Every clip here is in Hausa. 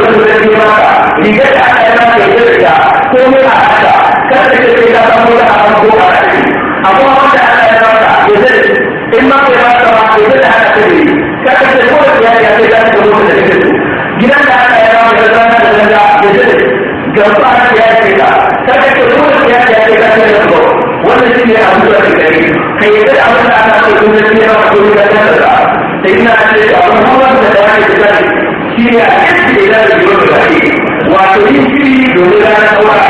da sun zai maka riga da aka ko mai a haka kar da ke ka samu da ko a wanda yi in ma ka haka ya yi kuma da ke gidan da aka yi maka ya zirga da zirga ya zirga gaba aka yi zirga kar ya yi da wannan shi ne da ke da yi da da ce wato yin shiri domin ranar ɗaura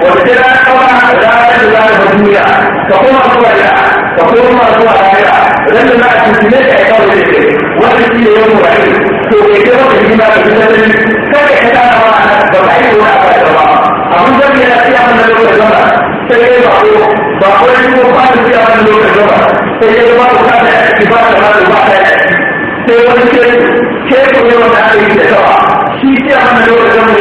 wata ta ranar ɗaura ranar da za ta duniya ka koma zuwa da ka koma zuwa lahira ran da za a ne ka ya kawo da ke wanda shi ne yawan wani to bai kai wata shi ma ka fi sanin kada ka tara ma ba ka yi wani abu da ba abin da ke na siya mana lokacin ba sai dai ba ko ba ko yi ko ba ta siya mana lokacin ba sai dai ba ko ta da ki ba ta ma ba ta sai wani ke ke ko yawan da ake yi da kawa shi siya mana lokacin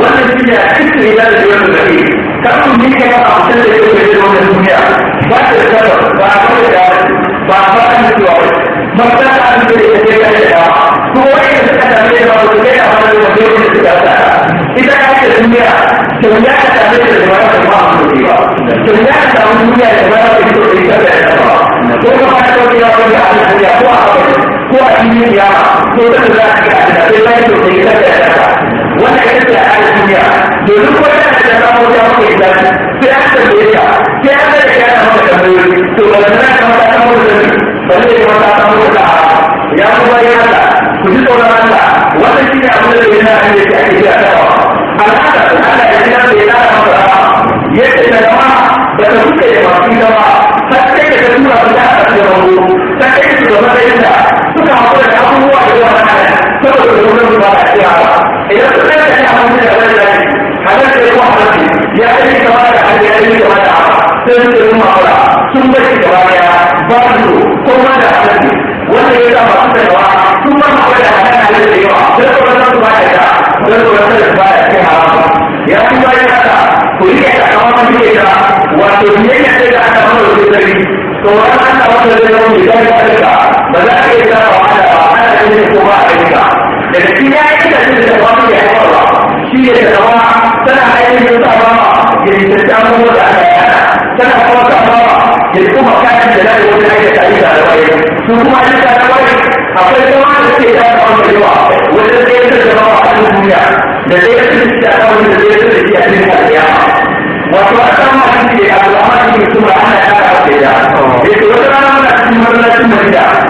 والذين يحسن إلى الجوال الكريم كانوا منك يقعد تلك يجدون الدنيا بعد السبب بعد الجوال بعد الجوال مكتب عن ذلك تلك الجوال هو أين السنة بين رسولين أمام المدير من السلاسة إذا كانت الدنيا سمياء تعمل الجوال المعام المديرة سمياء تعمل الدنيا الجوال المديرة وكما يقول يا رب العالمين هو أعطي zuwa cikin kiyama to da za a ga da sai bayan to sai ta da wannan ita ce a duniya to duk wanda aka da samu ta maka ita sai aka da ta sai aka da ta maka tambayoyi to ba na ka maka samu da ni ba ne ka maka da ya kuma ya Allah ku ji tsoron Allah wannan shine abin da yana da yake ake kira ta al'ada al'ada ya kira da ya maka yadda da jama'a da ta kuke da masu jama'a sai ka tura su da aka jama'a sai ka tura su da suka haƙura da abubuwa da yawa na saboda da wani ba a iya ba idan su ɗaya da ya hannu da wani zai halar da yawa halarci ya yi kama da hannu ya yi kama da haka sai su yi ma'aura sun bai shi gaba ɗaya ba su ko ma da halarci wanda ya sa masu da yawa sun ma haƙura da halarci da yawa sai su wani su ba da ya sai su wani su ba da ya haram ya fi ba ya sa ku yi ya kama da ya sa wato ne ya ce da aka hana da ya sari to wani an ta wata da yawan da ya sa بدأت كده وعلى وعلى كده الصباح كده لكن في ناس كده كده الوقت يعني والله شيء الجماعة سنة عايز يطلع يعني تستعمل ولا سنة فوق الله يكون مكان الجلال يقول لك تعيش على وجهك ثم عليك على وجهك أقول جماعة الاستهداف أمر الواقع والذي يجب الجماعة على الدنيا الذي يجب الاستهداف والذي يجب الاستهداف القيامة وتوسمى في الأمر ثم أنا أعرف إذا يتوسمى من أسمى الله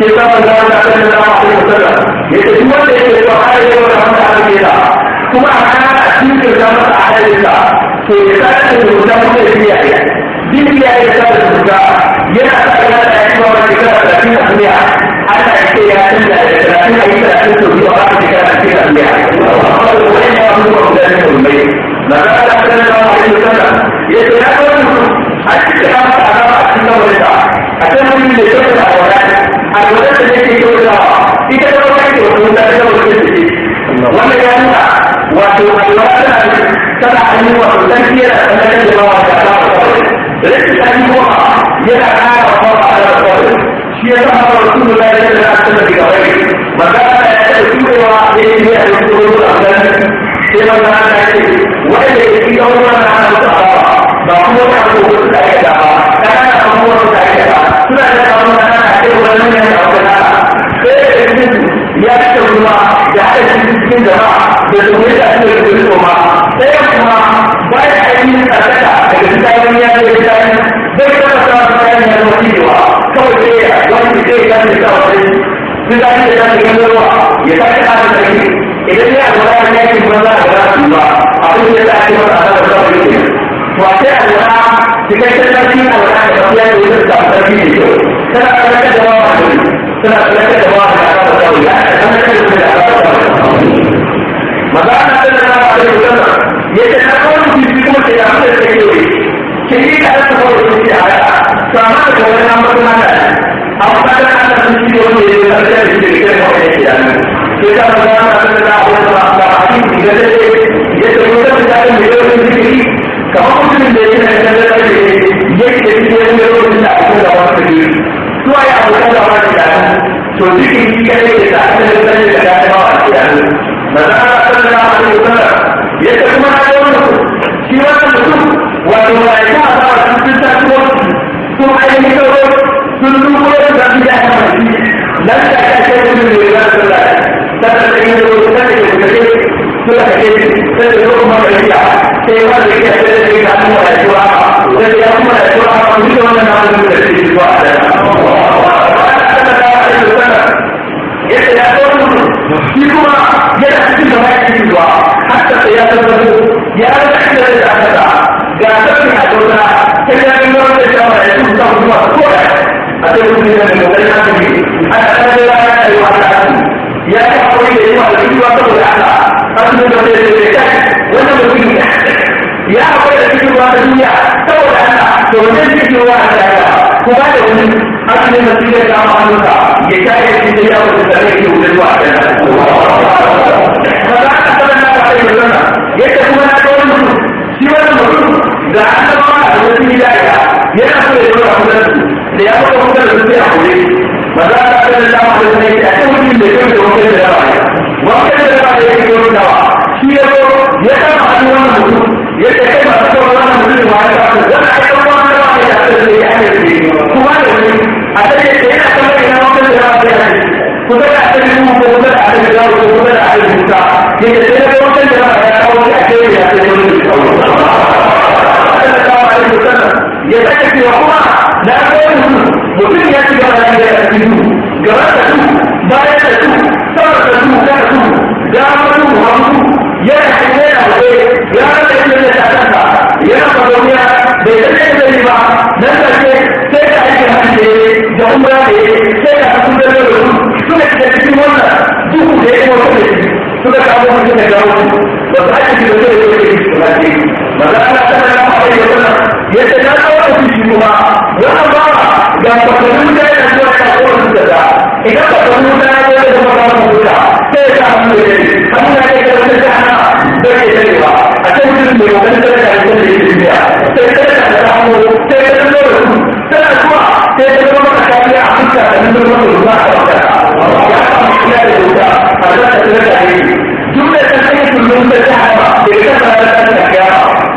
shi ta manzo Allah sallallahu alaihi wasallam ya ce duk wanda yake so har ya wanda wanda aka kira kuma a kana a cikin da masa a halin sa to ya kada da rubuta mutum ya biya ya biya ya kada da rubuta yana sa ya da ya kuma wani kada da cikin duniya Allah ya ce ya tunda da talatin a yi talatin to biyu a cikin kada da cikin duniya amma da wani ya fi kuma mutane da rumbai na za a da sallallahu alaihi wasallam ya ce ya kawai a cikin da masa a cikin da wani ta a kan wani da ya kawai a wani المدرس الذي يقول له في تجربة كثيرة المدرس وانا جانا وفي الوقت سبع سنين وتنكير فلن يجمع ليس أن هو يدع على الله على رسول الله صلى الله عليه وسلم بغيره وقال يأتي وإن يأتي الأبدان كما كان يأتي وإن يأتي يوما على الصحراء فهو يعبد كان أمور wannan da abu da sai ya fita ruwa da haɗa cikin cikin da domin da ake da kuma ma sai kuma bayan ainihin daga fitayen ya ce zai taɓa sa fitayen ya kawai sai ya wani zai ya wani ya ce ruwa ya ta ta ta ta idan ya zama ya ce kuma za a ga ya ce masa a kan ruwa ne sai a lura cikakken a lura da da ne kyau Kenapa jawab? Kenapa jawab? Maka anak kenapa ada ulama? Ia kenapa di situ tidak ada sekali. Jadi ada sebuah sisi ada sama dengan nama kemana? Apa yang ada di sisi orang yang berada di sisi kita orang yang kita berada di dalam orang orang ini tidak ada. Ia terus berjalan di dalam sisi. Kamu tidak ba ya abokan zama da to zikin kare da ta hanyar da ta hanyar da ta hanyar da ta hanyar مقطوعة أتيت من المدينة أنا أنا لا أعرف أن يا أخوي إلى ما تريد da تقول أنا أنا من المدينة وأنا من المدينة a أخوي تريد أن تقول تقول أنا لو نزلت في واحد kuma da wani asalin da suke da amfanuka ya kare shi da yawon da zai yi wurin wa da na ba za a da na ba sai ya zana yadda kuma na kawai mutum shi wani mutum ga an yana so ya kusa da ya kusa da a kore ba za a kada da dama da sanai a kan mutum da kyau da wakil da dama ne wakil da dama da ya ke wani dawa shi ya zo ya kama hannu wannan mutum ya kai masu kyau wannan mutum da ma'ana ba su wani dawa ne da ya kuma da wani a ta ce yana kama ina wakil da dama ne kusa da kuma kusa da kusa da kusa ya da aka wani mutum ya ci gaba da ya ci su gaba da su bayan da su sama da su da su da wani ya ci ne a ya rasa yin da ta ya rasa duniya da ne ba nan da ke sai da ake hanke da umra sai da sun da da su suna da cikin wannan duhu da ya suka kawo mutum da gawo ba su ake cikin da ya kuma da kuma kuma kuma da ya kuma kuma wannan ba da kwakwalwar da yana zuwa kasuwar da da idan kwakwalwar da ya zai zama ba mu wuta sai ya samu da yake amma ya ke karfin da ana da ke tare ba a kan jirgin mai wani da ya zai da yake biya sai ka da ta samu sai ka da su tana zuwa sai ka zama maka kariya a fuska da nan zama mai zuwa a fuska ya samu kula da wuta a zuwa da tare da yake duk da ta sanya tullun da ta haɗa da ya kasa da ta haɗa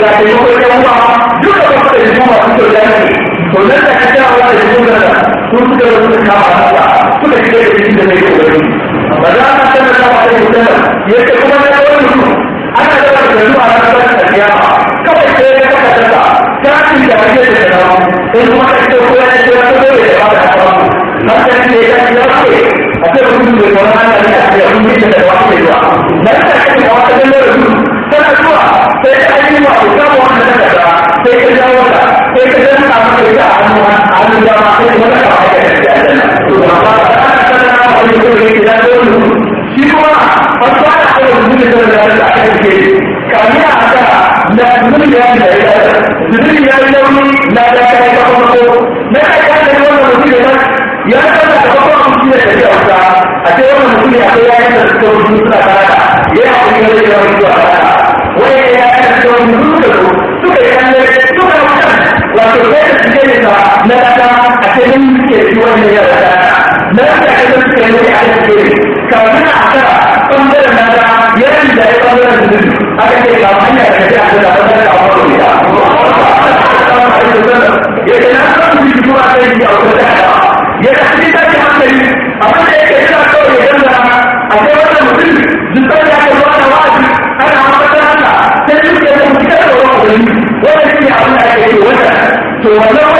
ga taimakon yan uwa duka ba su da jikin masu kyau da ne to nan da kake yawa da jikin da sun suka da suka kama haka suka shiga da jikin da mai kokari ba za a san da kama da jikin da ya ce kuma na yawan mutum ana da wani da zuwa na kasar da biya kawai sai ya kasa kasa ta ci da kake da jana sai kuma ka ce ko ya ce ya kuma bai da ba da haka ba na san da ya ce ya ce a ce mutum bai kama da ya ce ya kuma bai da wani bai ba na san da ya ce ya kuma bai da Yeah. ka yi wa ku sai ka jawo sai ka a a ka ta to kuma da da da da a yi ya a na kasa a cikin suke da wani yau da na kasa a cikin da a cikin ɓangaren na da da ya ɓangaren da duk da ta a cikin da ɓangaren da ɓangaren da ya na da ya da cikin hankali abin da yake yana kawai ya a mutum duk da ya da wa'azi ana mafata haka sai duk da ya mutu da wani wani shi ne abin da yi to wannan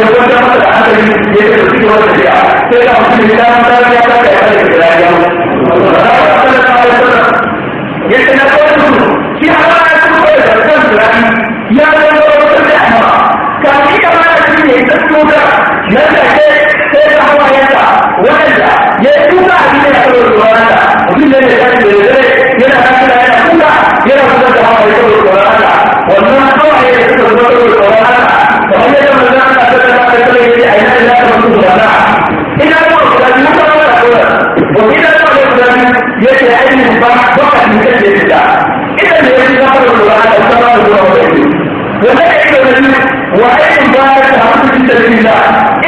जब क्या प्रदान करेंगे ये प्रति वर्ष दिया फिर हमने मिलता होता है आपका कैसा लेके जाएगा ये तनाव तो सुनो कि हमारा ऐसा कोई दर्शन ग्रहण या तो जब उत्तर क्या है काफी हमारा ऐसी एकत्र तो टूटा न कहते से कहा ऐसा वो ऐसा ये टूटा हमने ऐसा बोला था उसी ने ऐसा बोले थे ये ना कहना है टूटा ये ना बोला था billah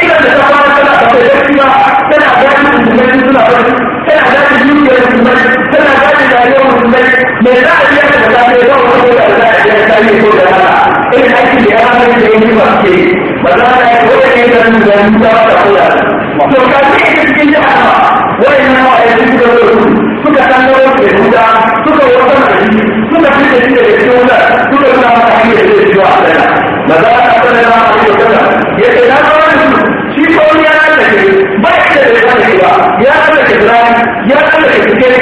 idan da ta fara tana da barci ba tana gaji musulmai suna barci tana gaji dukiyar musulmai tana gaji rayuwar musulmai me za a biya da ta ne ba wani da za a biya ta ne ko da hana irin aiki da ya hana da yanzu ba ke ba za a yi wata ne da nuna da nuna ba ta kula to ka ce ita cikin jihar a na wa'ayi suka a suka san na wasu da nuna suka wata mai suka fi da shi da ya ce wuta suka suna a hanyar da ya ce wa a ba za a tsallake ba da zai ba ya tsallake birane ya ya tsallake da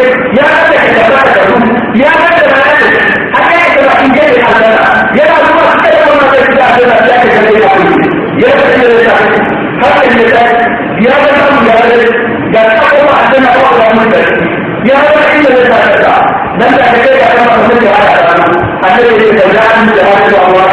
ya tsallake na ɗan ya kira in gani a zara yana zuwa suka yi ya ya da da ya tsaya ya ga ya ga ga ba ba da ya ga inda zai da ya kai ga kama mutum da ya haɗa a a zai yi da ya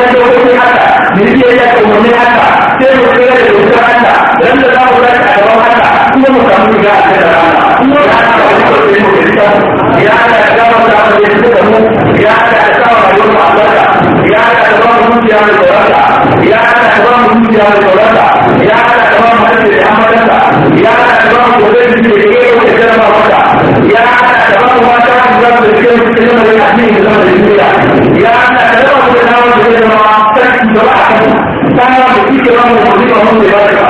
wani lokaci haka mun iya ya umarni haka sai mu kira da dokar haka dan da za mu a gaban haka kuma mu samu riga a cikin rana kuma da haka wani lokaci mu kirkita ya haka da gama da mu da suka mu ya haka da sa rayuwar mu albarka ya haka ba mu zuciya da ya ba mu zuciya da baka tsawa da kike ba mu kudi ba mun da baka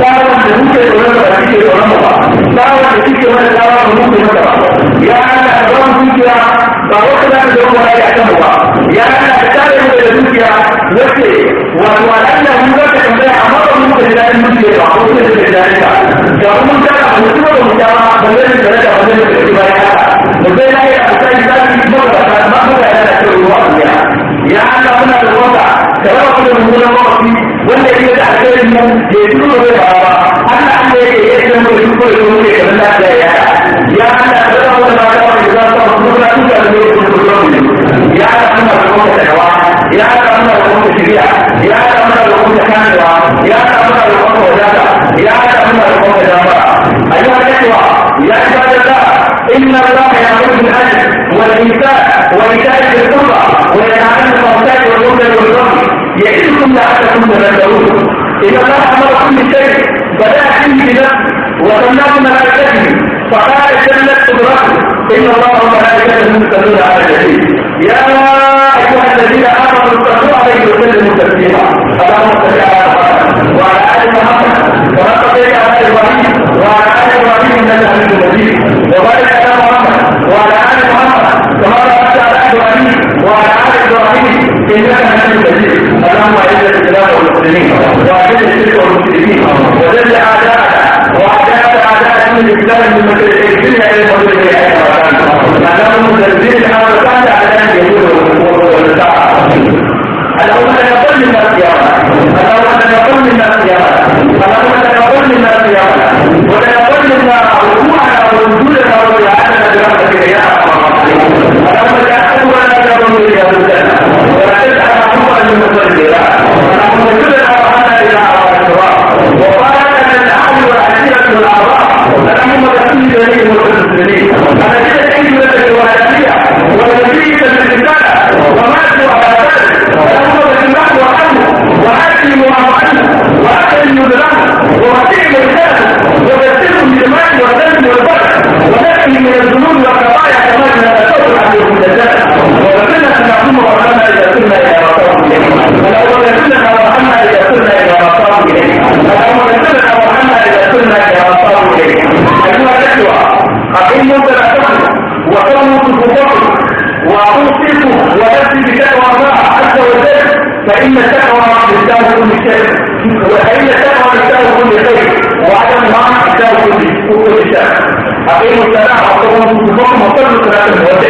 tsawa da kike da wannan ba kike da wannan ba da kike wannan tsawa ba mun da baka ya Allah da wannan dukiya ba wata da da wannan ya kan ba ya Allah da tare mu da dukiya wace wato Allah mun ga ka tambaya amma ba mun da dadin dukiya ba ko da dadin ka da mun ga mu tuba mu ta ba da da da da da da ba ya mu dai lai a sai da ba ba ba da da ruwa ya Allah muna da roƙa كلامك من هنا مرضي والذي يتعلم يدل أما أن أحد يتعلم ويشكر الملك من الأدايا يا أنا أدره لما كان إذا تنظر لا تجعل الملك بالرجل يا أن الأمور تكوى يا أن الأمور شريعة يا أن الأمور كاملة يا أنا أن الأمور وجابة يا أن الأمور جابة أيها الإخوة يا عباد الله إن الله يعود الأجر والإنسان وإيتاء القربى وينعم الموتى والمنكر والظلم يعيدكم لعلكم تذكرون إذا ما أمر كل شيء بدأ فيه بنفسه وسماه ملائكته فقال جلت قدرته إن الله وملائكته مستدون على النبي يا أيها الذين آمنوا اتقوا عليه وسلموا تسليما اللهم صل على وعلى آل محمد كما صليت إبراهيم وعلى آل إبراهيم إنك حميد مجيد وبارك على محمد وعلى آل محمد كما باركت على إبراهيم وعلى آل إبراهيم إنك حميد مجيد هم عزة الإسلام والمسلمين وعزة الشرك والمسلمين وذل أعداءنا وأعداء أعداء من الإسلام من الدنيا إلى المسلمين ما لهم تنزيل الحرب بعد أعداء اليهود والساعة الأول أن يقل الناس يا رب الأول أن يقل الناس يا رب 中国人的实力。فإن التقوى تساوي كل شيء وإن التقوى تساوي كل شيء وعدم الغنى تساوي كل شيء أقيموا السلام وأقوموا وصلوا صلاة الموتى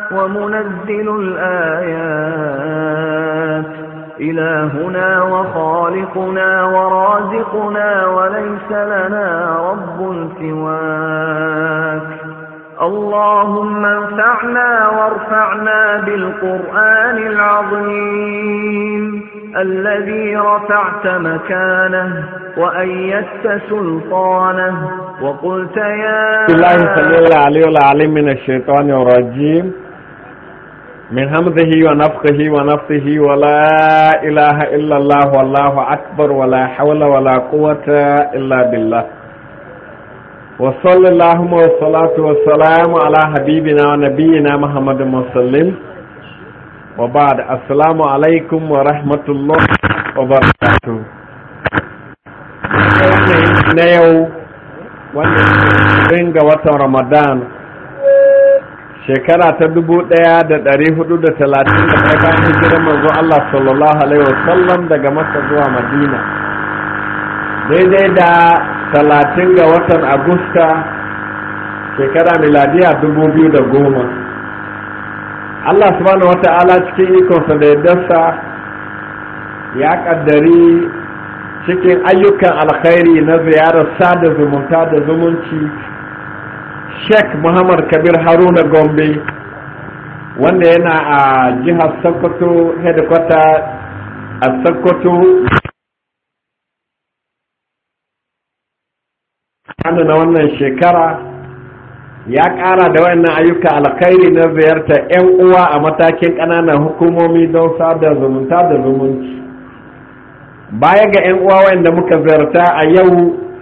ومنزل الآيات إلهنا وخالقنا ورازقنا وليس لنا رب سواك اللهم انفعنا وارفعنا بالقرآن العظيم الذي رفعت مكانه وأيدت سلطانه وقلت يا صلى الله عليه وسلم من الشيطان الرجيم min hamzihi wa nafsihi wa nafsihi wa la ilaha illallah wallahu akbar wa la hawla wa la illa billah wa sallallahu wa salatu wa salamu ala habibina wa nabiyyina muhammadin musallim wa ba'd assalamu alaikum wa rahmatullah wa barakatuh na yau wannan ringa watan ramadan shekara ta dubu ɗaya da ɗari hudu da talatin da ɗaya bayan hijirar manzo Allah sallallahu alaihi wasallam daga Masa zuwa Madina daidai da talatin ga watan Agusta shekara miladiya dubu biyu da goma Allah subhanahu wa ta'ala cikin ikonsa da dasa ya ƙaddari cikin ayyukan alkhairi na ziyarar sada zumunta da zumunci sheikh muhammad kabir haruna gombe wanda yana a jihar sokoto headquarter a sokoto hannu na wannan shekara ya ƙara da wannan ayyuka alkhairi na ziyarta 'yan uwa a matakin ƙananan hukumomi don sada zumunta da zumunci baya ga 'yan uwa wanda muka ziyarta a yau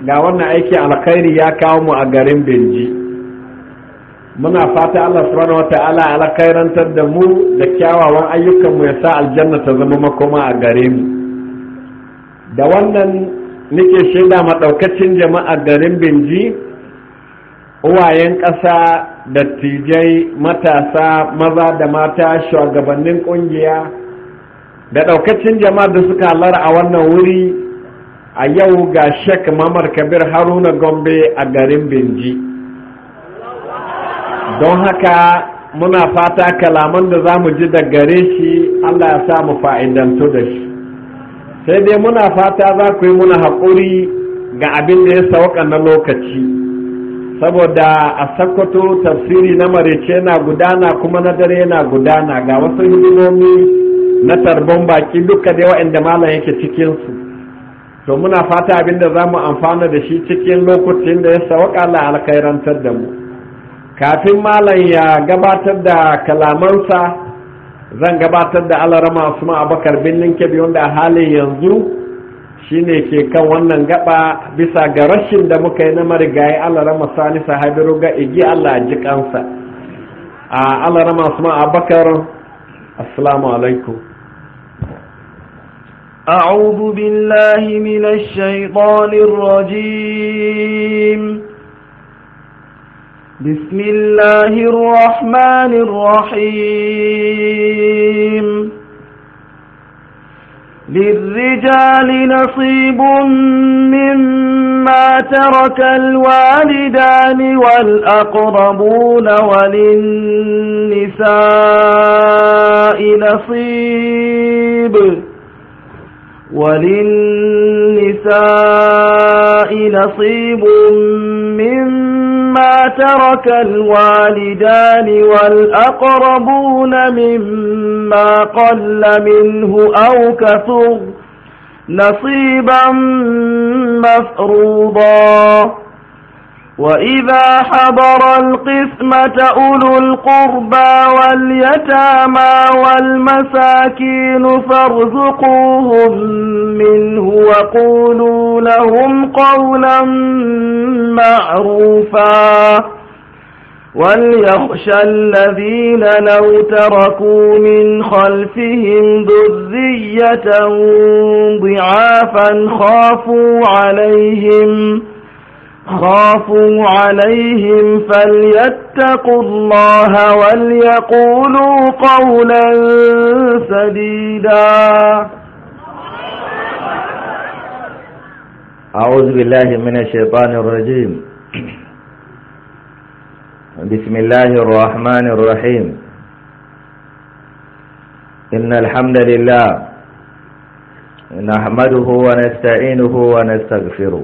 ga wannan aikin alkhairi ya kawo mu a garin benji muna fata Allah subhanahu wata'ala alkhairantar da mu da kyawawan ayyukan mu ya sa aljanna ta zama makoma a gare mu da wannan nake shaida ɗaukacin jama'a garin binji uwayen ƙasa dattijai matasa maza da mata shugabannin ƙungiya da ɗaukacin jama'a da suka halara a wannan wuri a yau ga shek mamar kabir haruna gombe a garin binji don haka muna fata kalaman da za mu ji da gare shi allah ya sa mu fa'idantu da shi sai dai muna fata za ku yi muna haƙuri ga abin da ya sauka na lokaci saboda a sakkwato tafsiri na marece yana gudana kuma na dare yana gudana ga wasu hidimomi na tarbon baki duka da waɗanda malam yake cikinsu to muna fata abin da za mu amfana da shi cikin lokacin da ya sauka la alkairantar da mu kafin malam ya gabatar da kalamansa zan gabatar da alarama asma abakar birnin kebbi wanda halin yanzu shine ke kan wannan gaba bisa ga rashin da muka yi na marigayi alarama sani sahabiru ga igi allah ji kansa a alarama asma abakar assalamu alaikum أعوذ بالله من الشيطان الرجيم بسم الله الرحمن الرحيم للرجال نصيب مما ترك الوالدان والأقربون وللنساء نصيب وللنساء نصيب مما ترك الوالدان والأقربون مما قل منه أو كثر نصيبا مفروضا وإذا حضر القسمة أولو القربى واليتامى والمساكين فارزقوهم منه وقولوا لهم قولا معروفا وليخشى الذين لو تركوا من خلفهم ذرية ضعافا خافوا عليهم خافوا عليهم فليتقوا الله وليقولوا قولا سديدا أعوذ بالله من الشيطان الرجيم بسم الله الرحمن الرحيم إن الحمد لله نحمده ونستعينه ونستغفره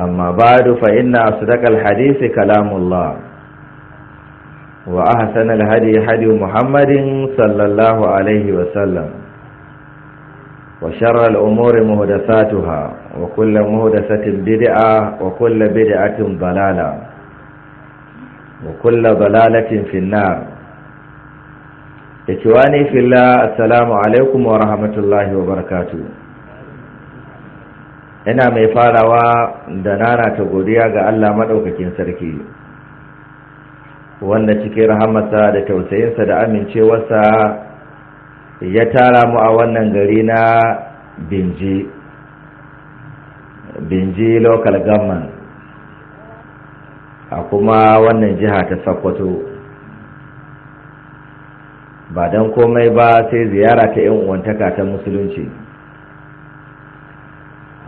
amma ba rufa ina su dakal hadisi kalamullah wa aka sanar hadi hadi muhammadin sallallahu alaihi wasallam wa sharar umarin muhudasatuha wa kullum muhudasatin bid'a wa kulla balala wa balalatin finna ya fila assalamu alaikum wa rahmatullahi wa barkatu. ina mai farawa da nana ta godiya ga Allah maɗaukakin sarki wanda cikin rahamarsa da tausayinsa da amincewarsa ya tara mu a wannan gari na binji binji local government a kuma wannan jiha ta sokoto ba don komai ba sai ziyara ta 'yan uwantaka ta musulunci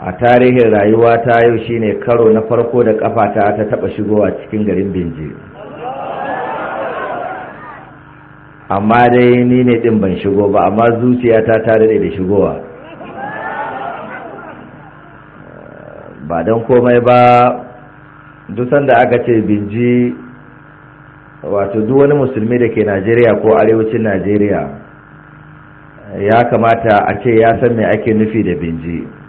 a tarihin rayuwa ta yau shine karo na farko da kafata ta taba shigowa cikin garin binji amma dai ni ne din ban shigo ba amma zuciyata ta dade da shigowa ba don komai ba duk sanda aka ce binji wato duk wani musulmi da ke najeriya ko arewacin najeriya ya kamata a ce ya san me ake nufi da binji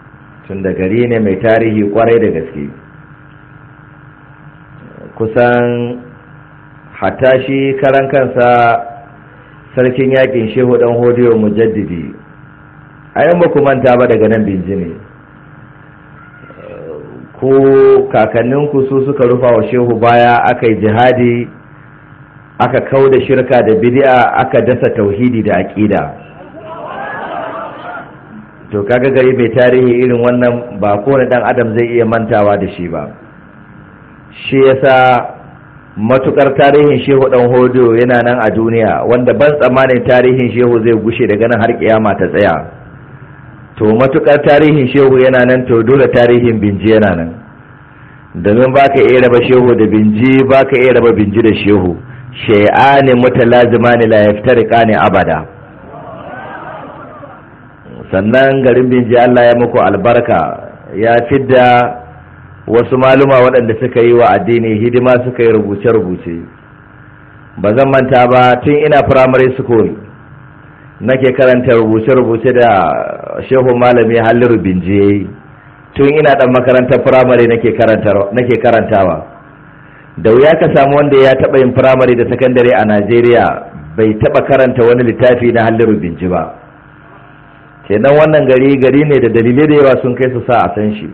tun da gari ne mai tarihi kwarai da gaske kusan hatashi karan kansa sarkin yakin shehu dan hodiyo mujaddidi a yan ba manta ba daga nan binjini ko kakanninku su suka rufa wa shehu baya aka yi jihadi aka kau da shirka da bidi'a aka dasa tauhidi da aƙida to kaga gari mai tarihi irin wannan ba kowane dan adam zai iya mantawa da shi ba shi yasa matukar tarihin shehu dan hodo yana nan a duniya wanda ban tsammanin tarihin shehu zai gushe daga nan har kiyama ta tsaya to matukar tarihin shehu yana nan to dole tarihin binji yana nan domin baka iya raba shehu da binji baka iya raba binji da shehu shay'ani mutalazima ne la yaftariqa ne abada sannan garin binji Allah ya muku albarka ya fidda wasu maluma waɗanda suka yi wa addini hidima suka yi rubuce-rubuce ba zan manta ba tun ina firamare school nake karanta rubuce-rubuce da shehu malami halliru binji tun ina ɗan makarantar firamare nake karantawa da wuya ka samu wanda ya taɓa yin firamare da sakandare a najeriya bai taɓa karanta wani littafi na halin binji ba kenan wannan gari gari ne da dalilai da yawa sun kai su sa a san shi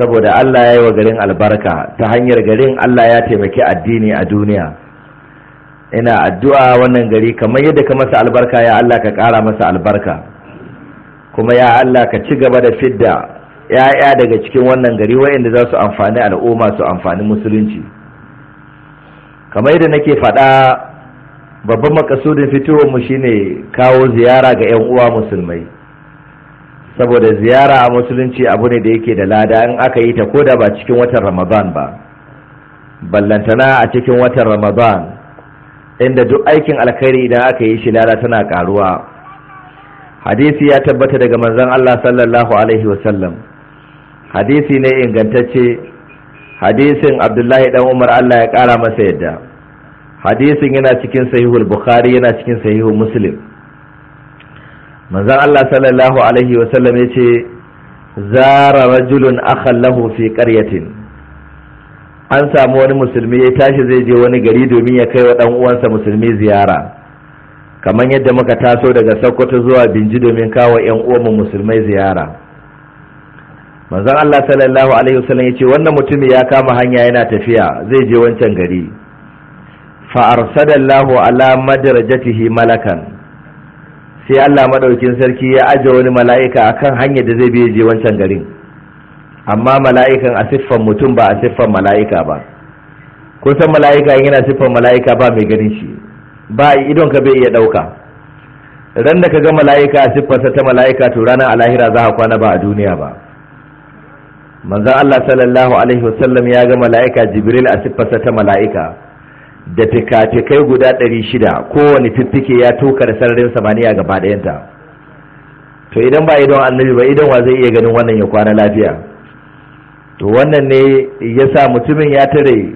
saboda Allah ya yi wa garin albarka ta hanyar garin Allah ya taimaki addini a duniya ina addu'a wannan gari kamar yadda ka masa albarka ya Allah ka ƙara masa albarka kuma ya Allah ka ci gaba da fidda ‘ya'ya daga cikin wannan gari waɗanda za su amfani al'umma su amfani musulunci kamar yadda nake faɗa babban makasudin fitowar mu shine kawo ziyara ga yan uwa musulmai saboda ziyara a musulunci abu ne da yake da lada in aka yi ta ko da ba cikin watan ramadan ba ballantana a cikin watan ramadan inda duk aikin alkhairi idan aka yi shi lada tana karuwa hadisi ya tabbata daga manzon Allah sallallahu alaihi wasallam hadisi ne ingantacce hadisin abdullahi dan umar Allah ya kara masa yadda hadisin yana cikin sahihul bukhari yana cikin sahihul muslim manzan Allah sallallahu alaihi wa sallam yace zara rajulun akhallahu fi qaryatin an samu wani musulmi ya tashi zai je wani gari domin ya kai wa dan uwansa musulmi ziyara kamar yadda muka taso daga Sokoto zuwa Binji domin kawo yan uwanmu musulmai ziyara manzan Allah sallallahu alaihi wa sallam yace wannan mutumi ya kama hanya yana tafiya zai je wancan gari فأرسل الله على مدرجته ملكا sai Allah madaukin sarki ya aje wani mala'ika akan hanyar da zai biye je wancan garin amma mala'ikan a siffan mutum ba a siffan mala'ika ba kun san mala'ika yana siffan mala'ika ba mai ganin shi ba idon ka bai iya dauka ran da ka ga mala'ika a siffarsa ta mala'ika to ranar alahira za ka kwana ba a duniya ba manzon Allah sallallahu alaihi wasallam ya ga mala'ika Jibril a siffarsa ta mala'ika da fikafikai guda ɗari shida kowane fiffike ya tuka da sararin samaniya gaba ɗayanta to idan ba idon annabi ba idon wa zai iya ganin wannan ya kwana lafiya to wannan ne ya sa mutumin ya tare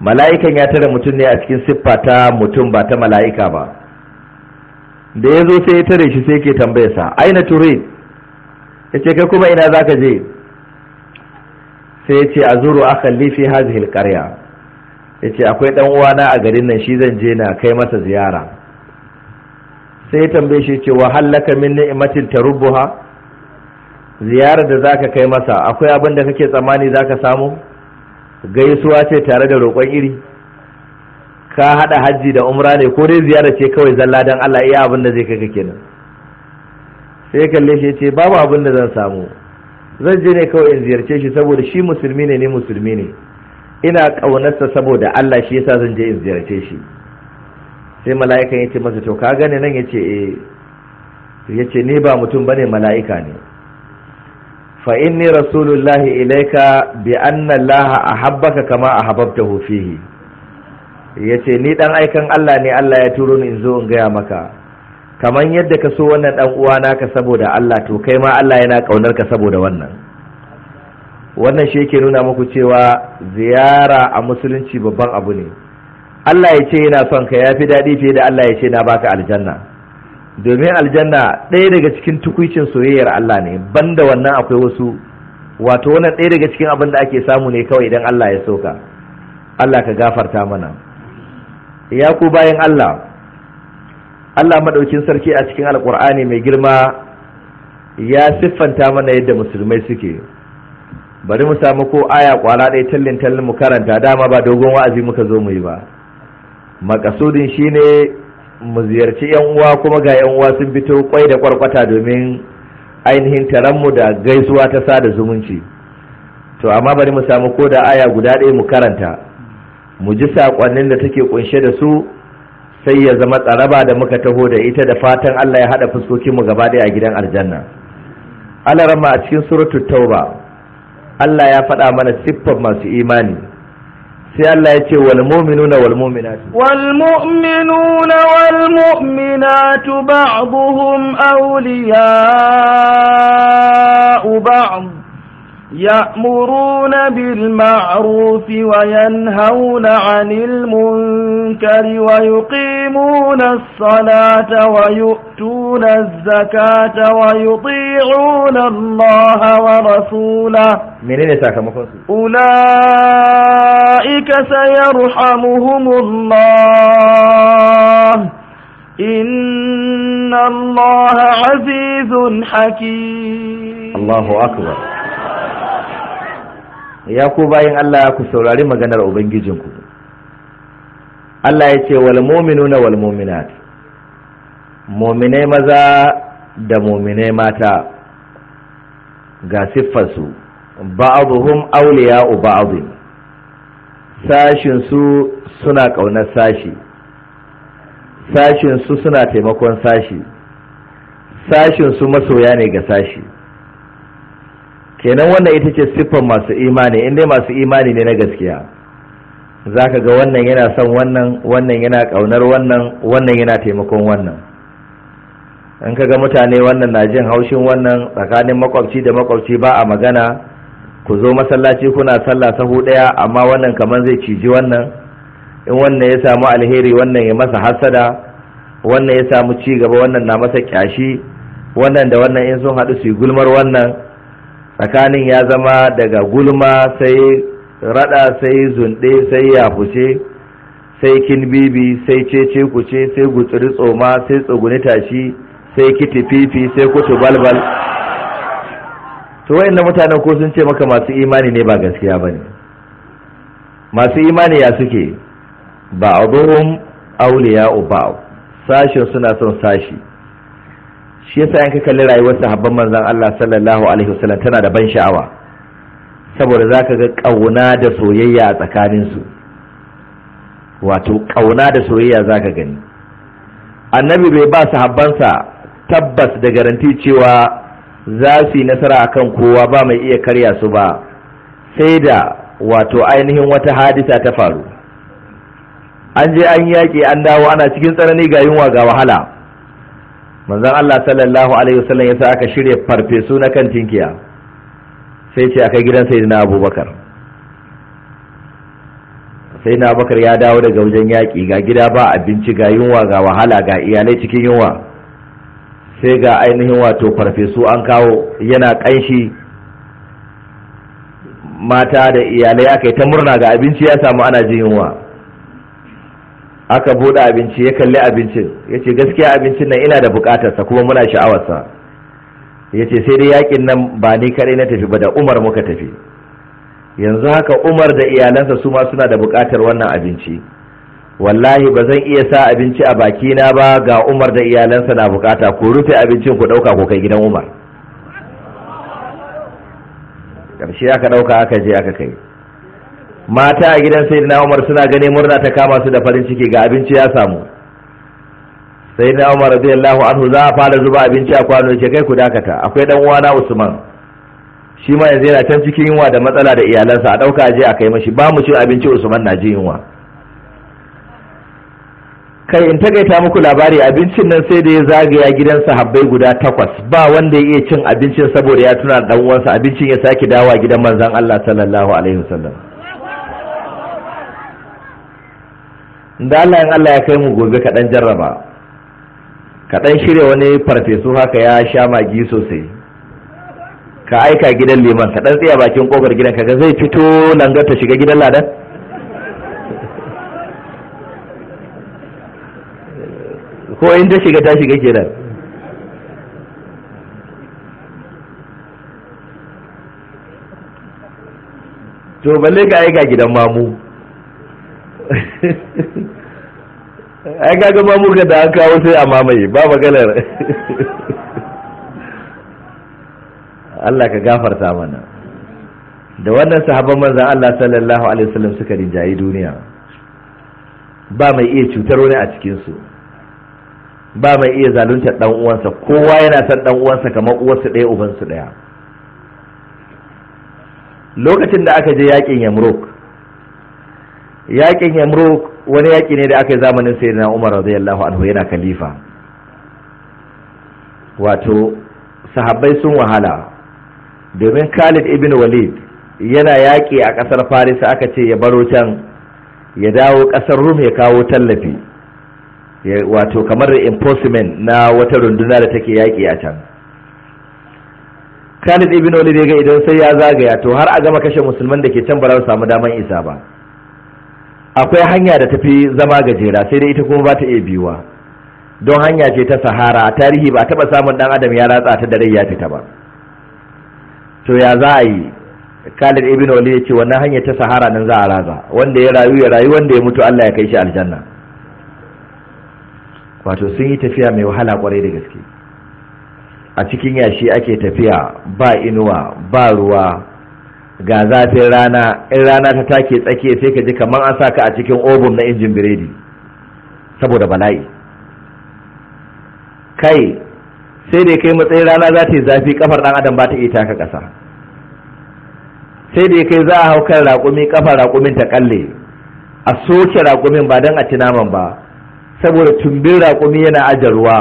mala'ikan ya tare mutum ne a cikin siffa ta mutum ba ta mala'ika ba da ya zo sai ya tare shi sai ke tambayarsa aina turid ya ce kai kuma ina za ka je sai ya ce a zuru a kalli fi hazihil karya ya ce akwai ɗan uwana a garin nan shi zan je na kai masa ziyara sai tambaye shi ce wa hallaka min ni'matin tarubbuha ziyarar da zaka kai masa akwai abin da kake tsammani zaka samu gaisuwa ce tare da roƙon iri ka haɗa hajji da umra ne ko dai ziyara ce kawai zalla dan Allah iya abin da zai kai kenan sai kalle shi ce babu abin da zan samu zan je ne kawai in ziyarce shi saboda shi musulmi ne ni musulmi ne ina ƙaunarsa saboda Allah shi yasa zan je in ziyarce shi sai mala'ikan yace masa to ka gane nan yace ce eh ya ni ba mutum bane mala'ika ne fa inni rasulullahi ilaika bi anna allaha ahabbaka kama ahabbtahu fihi yace ni dan aikan Allah ne Allah ya turo ni in zo in gaya maka kaman yadda ka so wannan dan uwana ka saboda Allah to kai ma Allah yana kaunar ka saboda wannan wannan shi yake nuna muku cewa ziyara a musulunci babban abu ne Allah ya ce yana son ka yafi daɗi fiye da Allah ya ce na baka aljanna domin aljanna ɗaya daga cikin tukuicin soyayyar Allah ne banda wannan akwai wasu wato wannan ɗaya daga cikin abin da ake samu ne kawai idan Allah ya soka Allah ka gafarta mana ya ku bayan Allah Allah maɗaukin sarki a cikin alƙur'ani mai girma ya siffanta mana yadda musulmai suke bari mu samu ko aya kwara ɗaya tallin tallin mu karanta dama ba dogon wa'azi muka zo mu yi ba makasudin shine mu ziyarci yan uwa kuma ga yan uwa sun fito kwai da kwarkwata domin ainihin taranmu da gaisuwa ta sada zumunci to amma bari mu samu ko da aya guda ɗaya mu karanta mu ji saƙonnin da take kunshe da su sai ya zama tsaraba da muka taho da ita da fatan Allah ya haɗa fuskokinmu gaba ɗaya a gidan aljanna alarama a cikin suratul tauba Allah ya faɗa mana siffar masu imani sai Allah ya ce wal mu'minuna wal mu'minatu ba'dhum awliya'u ba'd يأمرون بالمعروف وينهون عن المنكر ويقيمون الصلاة ويؤتون الزكاة ويطيعون الله ورسوله أولئك سيرحمهم الله إن الله عزيز حكيم الله أكبر ya ku bayin Allah ku saurari maganar ubangijinku Allah ya ce wal mu'minuna wal mu'minat mu'minai maza da mu'minai mata ga siffarsu ba'dhum awliya'u ba'd sashin su suna kaunar sashi sashin su suna taimakon sashi sashin su masoya ne ga sashi kenan wannan ita ce siffar masu imani in dai masu imani ne na gaskiya za ka ga wannan yana son wannan wannan yana ƙaunar wannan wannan yana taimakon wannan in ka ga mutane wannan na jin haushin wannan tsakanin makwabci da makwabci ba a magana ku zo masallaci kuna sallah sahu ɗaya amma wannan kamar zai ciji wannan in wannan ya samu alheri wannan ya masa hasada wannan ya samu ci gaba wannan na masa kyashi wannan da wannan in sun haɗu su yi gulmar wannan tsakanin ya zama daga gulma sai rada sai zunde sai yafuce sai kinbibi sai cece kuce sai gutsuri tsoma sai tsuguni tashi sai fifi sai kutu balbal to na mutanen ko sun ce maka masu imani ne ba gaskiya bane masu imani ya suke ba awliya'u ba'd sashin suna son sashi shi yasa in ka kalli rayuwar sahabban manzon Allah sallallahu alaihi wasallam tana da ban sha'awa saboda zaka ga kauna da soyayya a tsakanin su wato kauna da soyayya zaka gani annabi bai ba sahabbansa tabbas da garanti cewa za su yi nasara akan kowa ba mai iya karya su ba sai da wato ainihin wata hadisa ta faru an je an yaƙi an dawo ana cikin tsanani ga yunwa ga wahala manzon Allah sallallahu alaihi wasallam yasa aka shirya farfesu na kan tinkiya sai ce aka gidan sayyidina Abubakar sayyidina Abubakar ya dawo daga wajen yaƙi ga gida ba abinci ga yunwa ga wahala ga iyalai cikin yunwa sai ga ainihin wato farfesu an kawo yana ƙanshi mata da iyalai aka yi ta murna ga abinci ya samu ana jin yunwa aka buɗe abinci ya kalli abincin ya ce gaskiya abincin nan ina da buƙatarsa kuma muna sha'awarsa ya ce sai dai yakin nan ba ni kaɗai na tafi ba da umar muka tafi yanzu haka umar da iyalansa su ma suna da buƙatar wannan abinci wallahi ba zan iya sa abinci a bakina ba ga umar da iyalansa na bukata ku rufe abincin ku ɗauka ku kai gidan umar ƙarshe aka ɗauka aka je aka kai mata a gidan sayyidina Umar suna gane murna ta kama su da farin ciki ga abinci ya samu sayyidina Umar radiyallahu anhu za a fara zuba abinci a kwano ke kai ku dakata akwai dan uwana Usman shi ma yanzu yana can cikin yunwa da matsala da iyalansa a dauka je a kai mashi ba mu ci abinci Usman na ji yunwa kai in takaita muku labari abincin nan sai da ya zagaya gidan Habbai guda takwas ba wanda ya iya cin abincin saboda ya tuna dan uwansa abincin ya sake dawa gidan manzon Allah sallallahu alaihi wasallam da Allah Allah ya kai mu gobe kaɗan jarraba kaɗan shirya wani farfesu haka ya sha magi sosai ka aika gidan liman kaɗan tsaya bakin ƙofar gidan kaga zai fito langar ta shiga gidan ladan ko in ta shiga ta shiga kenan to balle ka aika gidan mamu ai kaga muka da an kawo sai a mamaye ba maganar Allah ka gafarta mana da wannan sahabban manzan Allah sallallahu alaihi wasallam suka rinjayi duniya ba mai iya cutar wani a cikinsu ba mai iya zalunta dan uwansa kowa yana san dan uwansa kamar uwarsa ɗaya ubansu daya. lokacin da aka je yakin yamrok yakin yamruk wani yaki ne da aka yi zamanin na umar radiyallahu anhu yana kalifa wato sahabbai sun wahala domin khalid ibn walid yana yaki a kasar farisa aka ce ya baro can ya dawo kasar rum ya kawo tallafi wato kamar imposimen na wata runduna da take yaƙi a can khalid ibn walid ya ga idan sai ya zagaya to har a gama kashe musulman da ke can ba za samu daman isa ba akwai hanya da tafi zama gajera sai dai ita kuma ba ta iya biyuwa don hanya ce ta sahara a tarihi ba taba samun ɗan adam ya ratsa ta da rai ya fita ba to ya za a yi khalid ibn wali ya ce wannan hanya ta sahara nan za a raza wanda ya rayu ya rayu wanda ya mutu allah ya kai shi aljanna wato sun yi tafiya mai wahala kwarai da gaske a cikin yashi ake tafiya ba inuwa ba ruwa ga zafin rana in rana ta take tsakiya sai ka ji kamar an saka a cikin obum na injin biredi saboda bala'i kai sai da kai matsayin rana za ta yi zafi kafar dan adam ba ta iya taka ƙasa sai da kai za a hau kan raƙumi kafar raƙumin ta kalle a soke raƙumin ba don a ci naman ba saboda tumbin raƙumi yana ajiye ruwa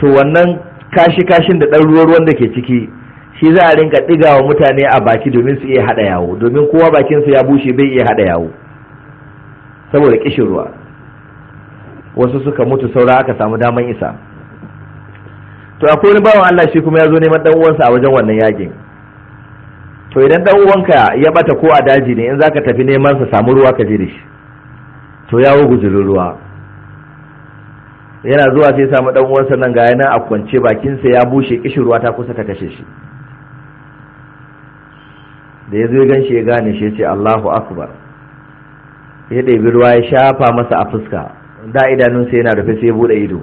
to wannan kashi kashin da ɗan ruwa ruwan da ke ciki shi za a rinka ɗigawa mutane a baki domin su iya haɗa yawo domin kowa bakinsa ya bushe bai iya haɗa yawo saboda ƙishin ruwa wasu suka mutu saura aka samu daman isa to akwai wani bawan Allah shi kuma ya zo neman dan uwansa a wajen wannan yakin to idan dan uwanka ya bata ko a daji ne in zaka tafi neman sa samu ruwa ka je da shi to yawo guzurin ruwa yana zuwa sai samu dan uwansa nan ga yana a kwance bakin ya bushe kishin ruwa ta kusa ta kashe shi da ya zo gan shi ya gane shi ya ce Allahu akbar ya ɗebi ruwa ya shafa masa a fuska da idanunsa yana rufe sai ya buɗe ido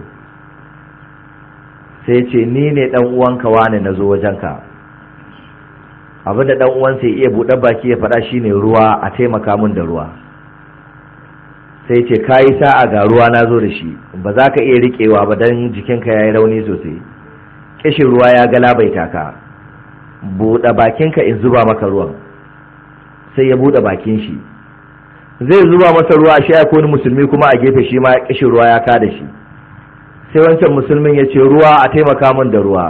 sai ce ni ne ɗan uwanka wane na zo wajenka abin da ɗan uwansa ya iya buɗe baki ya faɗa shi ne ruwa a taimaka min da ruwa sai ce ka yi sa'a ga ruwa na zo da shi ba za ka iya riƙewa ba don jikinka ya yi rauni sosai ƙishin ruwa ya galabaita ka buɗe bakinka in zuba maka ruwan sai ya buɗe bakin shi zai zuba masa ruwa shi ya wani musulmi kuma a gefe shi ma ya kishi ruwa ya kada shi sai wancan musulmin ya ce ruwa a taimaka min da ruwa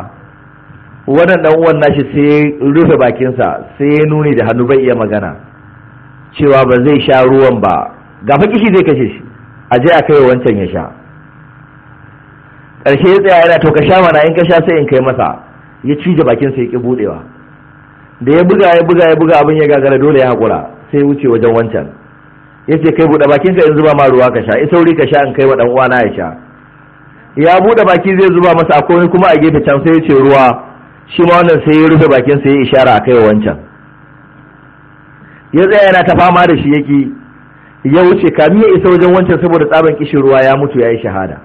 wannan dan uwan nashi sai ya rufe bakinsa sai ya nuni da hannu bai iya magana cewa ba zai sha ruwan ba gafa kishi zai kashe shi a je a kai wancan ya sha ƙarshe ya tsaya yana to ka sha mana in ka sha sai in kai masa ya cije bakinsa ya ki budewa da ya buga ya buga ya buga abin ya gagara dole ya hakura sai wuce wajen wancan Ya ce kai buɗe bakin ka in zuba ma ruwa ka sha ya sauri ka sha in kai wa dan uwana ya sha ya buɗe baki zai zuba masa akwai kuma a gefe can sai ya ce ruwa shi ma wannan sai ya rufe bakin sai ya ishara akai wa wancan ya tsaya yana ta fama da shi ki ya wuce kami ya isa wajen wancan saboda tsaban kishin ruwa ya mutu ya yi shahada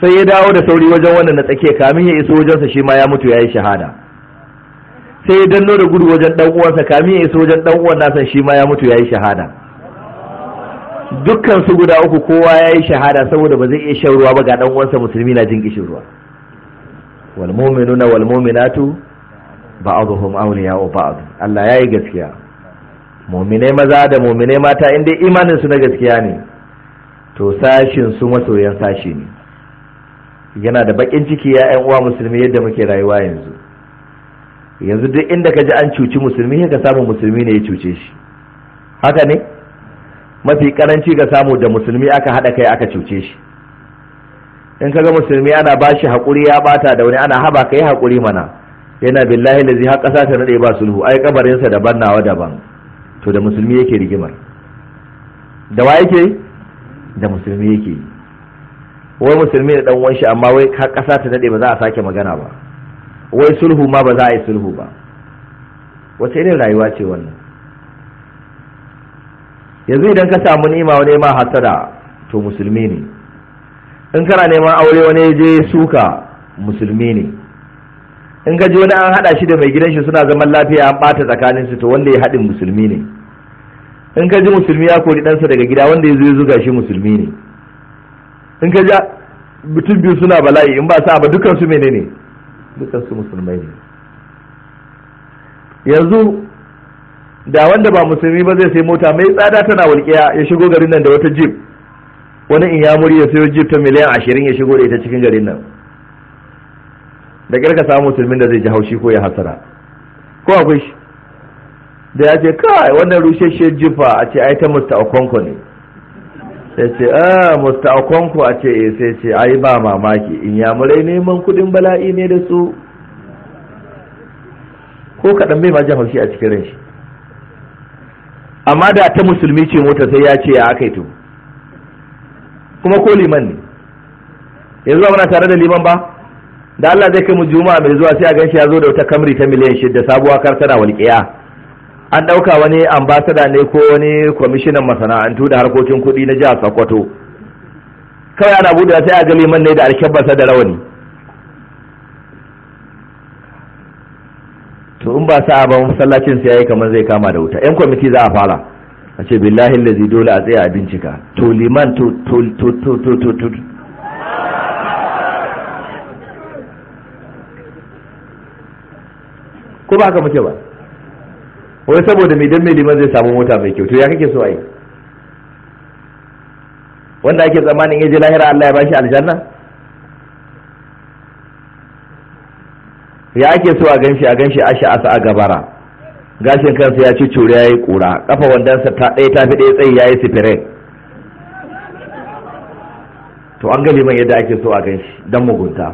sai ya dawo da sauri wajen wannan na tsakiya kamin ya iso wajensa shi ma ya mutu ya yi shahada sai ya danno da gudu wajen dan uwansa kamin ya isa wajen dan uwan nasa shi ma ya mutu ya yayi shahada dukkan su guda uku kowa yayi shahada saboda ba zai iya shan ruwa ba ga dan uwansa musulmi na jin kishin ruwa wal mu'minuna wal mu'minatu ba'dhum awliya'u ba'd Allah yayi gaskiya mu'mine maza da mu'mine mata inda imanin su na gaskiya ne to sashin su masoyan sashi ne yana da bakin ciki ya uwa musulmi yadda muke rayuwa yanzu yanzu duk inda ka ji an cuci musulmi ka samu musulmi ne ya cuce shi haka ne mafi karanci ka samu da musulmi aka haɗa kai aka cuce shi in ka ga musulmi ana ba shi haƙuri ya bata da wani ana haba ka yi haƙuri mana yana billahi da zai haƙasa ta naɗe ba sulhu ai kabarinsa daban nawa daban to da musulmi yake rigimar da wa yake da musulmi yake wai musulmi da ɗan uwan shi amma wai haƙasa ta naɗe ba za a sake magana ba wai sulhu ma ba za a yi sulhu ba wace irin rayuwa ce wannan yanzu idan ka samu nima wani ma hasada to musulmi ne in kana neman aure wani ya je suka musulmi ne in ka ji wani an haɗa shi da mai gidan shi suna zaman lafiya an bata tsakanin su to wanda ya haɗin musulmi ne in ka ji musulmi ya kori ɗansa daga gida wanda ya zo ya zuga shi musulmi ne in ka ji mutum biyu suna bala'i in ba sa ba su menene ne dukansu musulmai ne yanzu da wanda ba musulmi ba zai sai mota mai tsada tana walƙiya ya shigo garin nan da wata jeep wani in ya muri ya sayo jeep ta miliyan ashirin ya shigo da ita cikin garin nan da ka samu musulmin da zai ji haushi ko ya hasara ko akwai shi da ya ce kai wannan rushe shi jifa a ce ai ta musta a ne sai ce a ah, musta'akonku a ce eh sai ce ai ba mamaki in yamurai neman kudin bala'i ne da su ko kaɗan bai ma haushi a cikin ranshi amma da ta musulmi ce mota sai ya ce ya aka to kuma ko liman ne yanzu muna tare da liman ba da Allah zai kai mu juma'a mai zuwa sai a ganshi ya zo da wata kamri ta miliyan shida sabuwa kar tana walƙiya an ɗauka wani ambasada ne ko wani kwamishinan masana'antu da harkokin kuɗi na jihar sokoto kawai ana buɗe sai a ga liman ne da basa da rawani to in ba sa'a ba masallacin sai yayi kamar zai kama da wuta yan kwamiti za a fara a ce billahi lazi dole a tsaya a bincika to liman to to to to to to ko ba haka muke ba wai saboda mai dan mai liman zai samu mota mai kyau to ya kake so ai wanda ake tsammanin ya je lahira Allah ya bashi aljanna ya ake so a ganshi a ganshi asha asa a gabara gashin kansa ya ci cure ya yi kura kafa wandansa ta ɗaya ta fi ɗaya tsayi ya yi sifirin to an gani man yadda ake so a ganshi don mugunta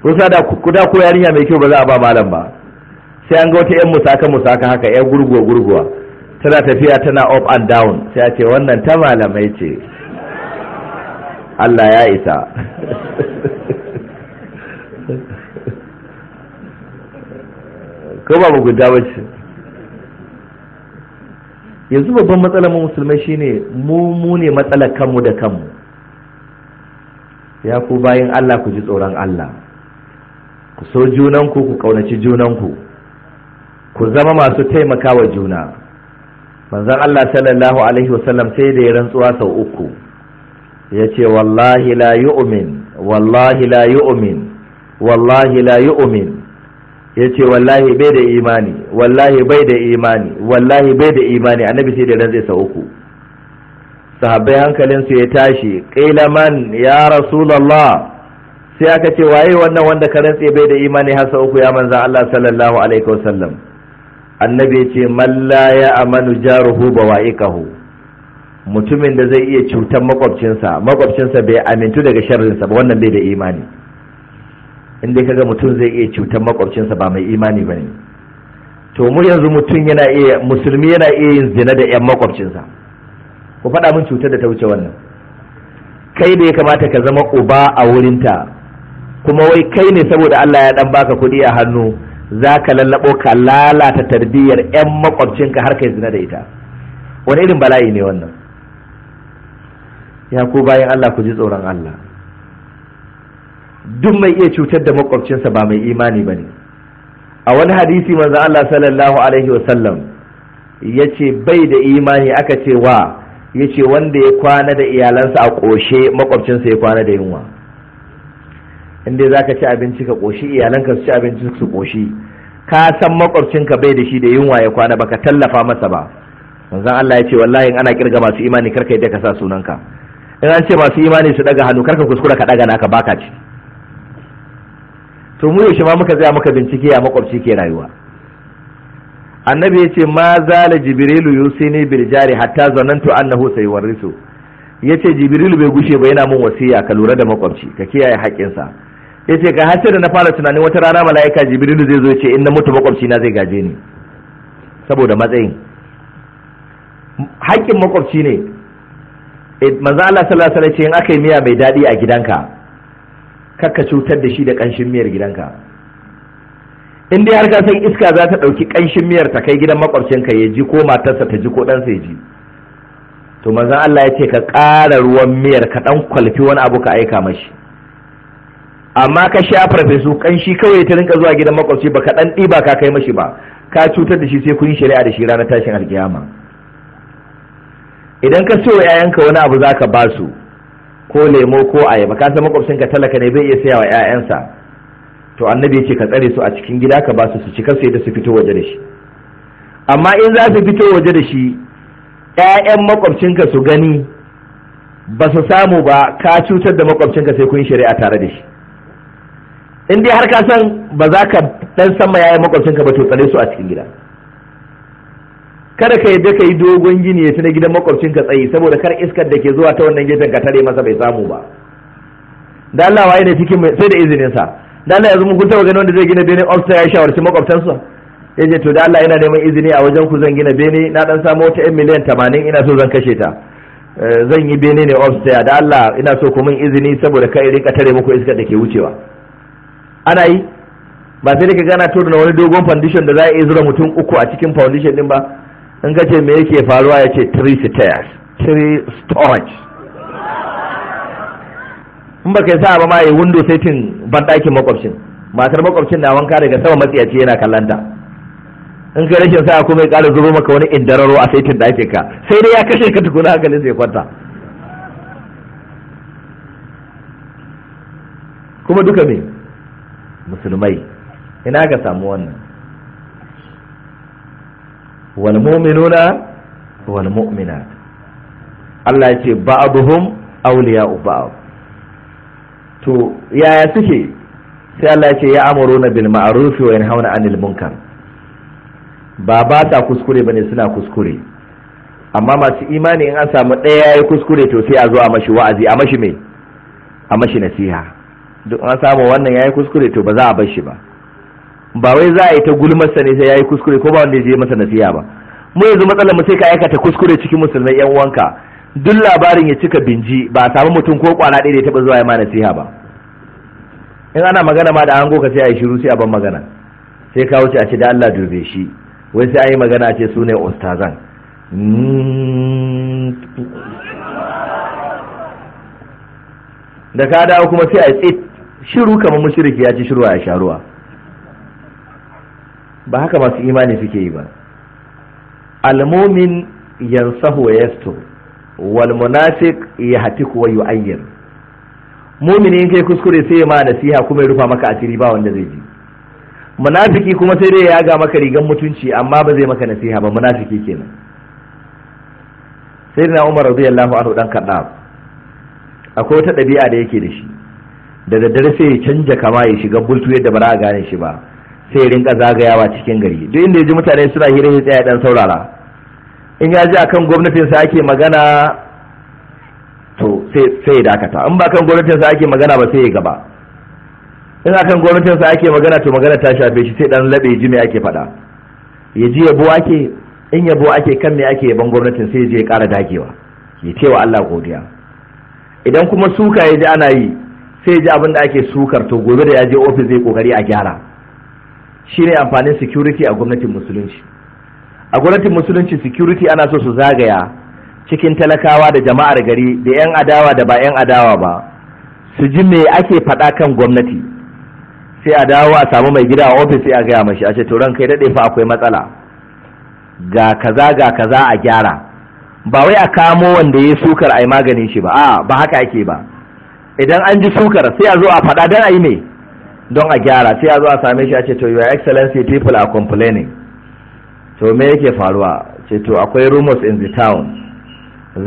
kusa da kuda ko yarinya mai kyau ba za a ba malam ba sai an ga wata yan musaka musaka haka yan gurguwa gurguwa tana tafiya tana up and down sai a ce wannan ta malamai ce Allah ya isa ko ba guda ce yanzu babban matsalar mu musulmai shine mu mu ne matsalar kanmu da kanmu ya ku bayin Allah ku ji tsoron Allah ku so junanku ku kaunaci junanku ku zama masu taimakawa juna manzon Allah sallallahu alaihi wasallam sai da ya rantsuwa sau uku ya ce wallahi la yu'min wallahi la yu'min wallahi la yu'min ya ce wallahi bai da imani wallahi bai da imani wallahi bai da imani annabi sai da rantsa sau uku sahabbai hankalinsu ya tashi ƙila man ya rasulallah, sai aka ce waye wannan wanda ka rantse bai da imani har sau uku ya manzon Allah sallallahu alaihi wasallam annabi ya ce malla ya amanu jaruhu ba bawa'ikahu mutumin da zai iya cutar makwabcinsa makwabcinsa bai amintu daga sharrinsa ba wannan bai da imani inda kaga mutum zai iya cutar makwabcinsa ba mai imani ba ne to mu yanzu mutum yana iya musulmi yana iya yin zina da yan makwabcinsa ku faɗa min cutar da ta wuce wannan kai da ya kamata ka zama uba a wurinta kuma wai kai ne saboda Allah ya dan baka kuɗi a hannu za ka lallabo ka lalata tarbiyyar 'yan makwabcinka har kai zina da ita wani irin bala'i ne wannan ya ku bayan Allah ku ji tsoron Allah duk mai iya cutar da makwabcinsa ba mai imani ba ne a wani hadisi manzo Allah sallallahu alaihi wasallam ya ce bai da imani aka ce wa ya wanda ya kwana da iyalansa a ƙoshe makwabcinsa ya kwana da yunwa inda za ka ci abinci ka ƙoshi iyalanka su ci abinci su ƙoshi ka san makwabcinka bai da shi da yunwa ya kwana baka tallafa masa ba manzon Allah ya ce wallahi ana kirga masu imani karka yadda ka sa sunanka in an ce masu imani su daga hannu kar ka kuskura ka daga naka baka ci to mu yaushe ma muka tsaya muka bincike ya makwabci ke rayuwa annabi ya ce ma zala jibrilu yusini bil jari hatta zanantu annahu sayuwarrisu yace jibrilu bai gushe ba yana mun wasiya ka lura da makwabci ka kiyaye haƙƙinsa sa ya ce ka hasse da na fara tunanin wata rana mala'ika jibrilu zai zo ce in na mutu makwabci na zai gaje ni saboda matsayin haƙƙin makwabci ne eh, manzo Allah sallallahu alaihi wasallam in aka miya mai daɗi a gidanka kakka cutar da shi da ƙanshin miyar gidanka in dai har ka san iska za ta ɗauki ƙanshin miyar ta kai gidan makwabcinka ya ji ko matarsa ta ji ko ɗansa ya ji to manzon Allah ya ce ka ƙara ruwan miyar ka ɗan kwalfi wani abu ka aika mashi amma ka sha farfesu kanshi kawai ta rinka zuwa gidan makwabci ba ka dan ɗiba ka kai mashi ba ka cutar da shi sai kun shari'a da shi ranar tashin alkiyama idan ka so yayanka wani abu zaka ba su ko lemo ko ayaba ka san makwabcin ka talaka ne bai iya saya wa yayansa to annabi yace ka tsare su a cikin gida ka ba su su cika kasu da su fito waje da shi amma in za su fito waje da shi ƴaƴan makwabcinka su gani ba su samu ba ka cutar da makwabcinka sai kun shari'a tare da shi in dai har ka san ba za ka dan sama yayin ka ba to tsare su a cikin gida kada ka yadda ka yi dogon gini ya tuna gidan gidan ka tsayi saboda kar iskar da ke zuwa ta wannan gefen ka tare masa bai samu ba da Allah waye ne cikin sai da izinin sa da Allah yanzu mun kun taba gani wanda zai gina bene ofta ya shawarci makwabtan sa ce to da Allah yana neman izini a wajen ku zan gina bene na dan samu wata 1 miliyan 80 ina so zan kashe ta eh, zan yi bene ne ofta da Allah ina so ku min izini saboda kai rinka tare muku iskar da ke wucewa ana yi ba sai ka gana na wani dogon foundation da za a iya zura mutum uku a cikin foundation din ba in ka ce me yake faruwa ya ce three stairs three storage in ba kai sa ba ma yi window setting banɗakin makwabcin matar makwabcin na wanka daga sama matsiyaci yana kallanta in kai rashin sa kuma ya ƙara zubo maka wani indararo a saitin ɗakin ka sai dai ya kashe ka tukuna hankalin zai kwanta kuma duka me musulmai ina ga samu wannan wal mu'minuna wal mu'minat Allah ya ce ba'dhum awliya'u ba'd to yaya suke sai Allah ya ce ya amuruna bil ma'ruf wa yanhauna 'anil munkar ba ba ta kuskure bane suna kuskure amma masu imani in an samu ɗaya ya kuskure to sai a zo a mashi wa'azi a mashi me a mashi nasiha duk an samu wannan yayi kuskure to ba za a bar shi ba ba wai za a yi ta gulmarsa ne sai yayi kuskure ko ba wanda ya je masa nasiha ba mu yanzu matsalar mu sai ka aikata kuskure cikin musulmai yan uwanka duk labarin ya cika binji ba a samu mutum ko kwana ɗaya da ya taɓa zuwa ya ma nasiha ba in ana magana ma da ango ka sai a yi shiru sai a ban magana sai ka ce a ce da Allah dube shi wai sai a yi magana a ce su ne ustazan da ka dawo kuma sai a yi tsit shiru kamar mushriki ya ci shiru a sharuwa ba haka masu imani suke yi ba almomin yansahu wa yasto wal munafiq kuwa wa yu'ayyir mumini in kai kuskure sai ya ma nasiha kuma ya rufa maka asiri ba wanda zai ji munafiki kuma sai dai ya ga maka rigan mutunci amma ba zai maka nasiha ba munafiki kenan sai na umar radiyallahu anhu dan kadab akwai wata ɗabi'a da yake da shi da daddare sai ya canja kama ya shiga bultu yadda ba za a gane shi ba sai ya rinka zagayawa cikin gari duk inda ya ji mutane suna hira ya tsaya dan saurara in ya ji akan gwamnatin sa ake magana to sai ya dakata in ba kan gwamnatin sa ake magana ba sai ya gaba in akan gwamnatin sa ake magana to magana ta shafe shi sai dan labe ji me ake faɗa ya ji yabo ake in yabo ake kan me ake yaban gwamnatin sai ya je ya ƙara dagewa ya tewa Allah godiya idan kuma suka ya ji ana yi sai ji abin da ake sukar to gobe da ya je ofis zai kokari a gyara shi ne amfanin security a gwamnatin musulunci a gwamnatin musulunci security ana so su zagaya cikin talakawa da jama'ar gari da 'yan adawa da ba 'yan adawa ba su ji me ake faɗa kan gwamnati sai a dawo a samu mai gida a ofis sai a gaya mashi a ce to kai daɗe fa akwai matsala ga kaza ga kaza a gyara ba wai a kamo wanda ya sukar a yi maganin shi ba a ba haka ake ba idan an ji sukar sai a zo a faɗa don a yi ne don a gyara sai a zo a same shi a ce to your excellency people are complaining to me yake faruwa ce to akwai rumors in the town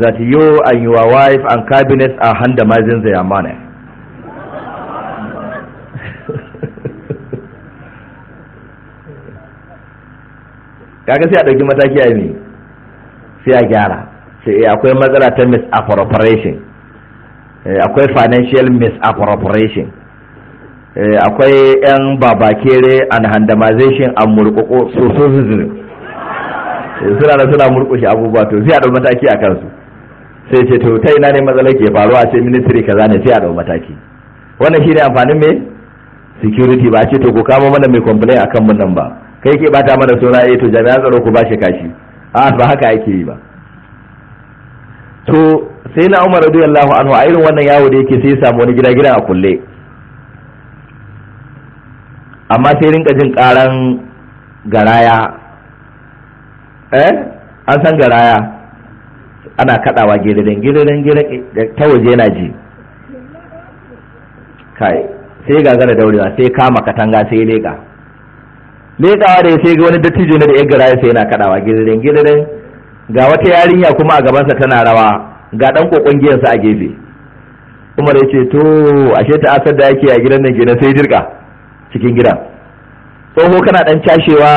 that you and your wife and cabinet are handamizing their money kaga sai a ɗauki mataki a yi sai a gyara sai eh, akwai matsala ta misappropriation Eh, akwai financial misappropriation eh, akwai 'yan babakere and handamization and murkuku sososism eh, suna da suna murkushe abubuwa to sai a ɗau mataki a kansu sai ce to ta ina ne matsalar ke faruwa ce ministry kaza ne sai a ɗau mataki wannan shine amfanin me security ba ce to ku kama mana mai complain akan mun nan ba kai ke bata mana suna eh to jami'an tsaro ku ba shi kashi a ba haka yake yi ba to sai na umar radiyallahu anhu a irin wannan yawo da yake sai ya samu wani gida gida a kulle amma sai rinka jin karan garaya eh an san garaya ana kadawa gidan gidan gidan ta waje yana ji kai sai gagara daurewa sai kama katanga sai leka lekawa da sai ga wani dattijo ne da ya garaya sai yana kadawa gidan gidan ga wata yarinya kuma a gabansa tana rawa ga dan kokon sa a gefe umar ya ce to ashe ta asar da yake a gidan nan gina sai jirka cikin gida tsoho kana dan cashewa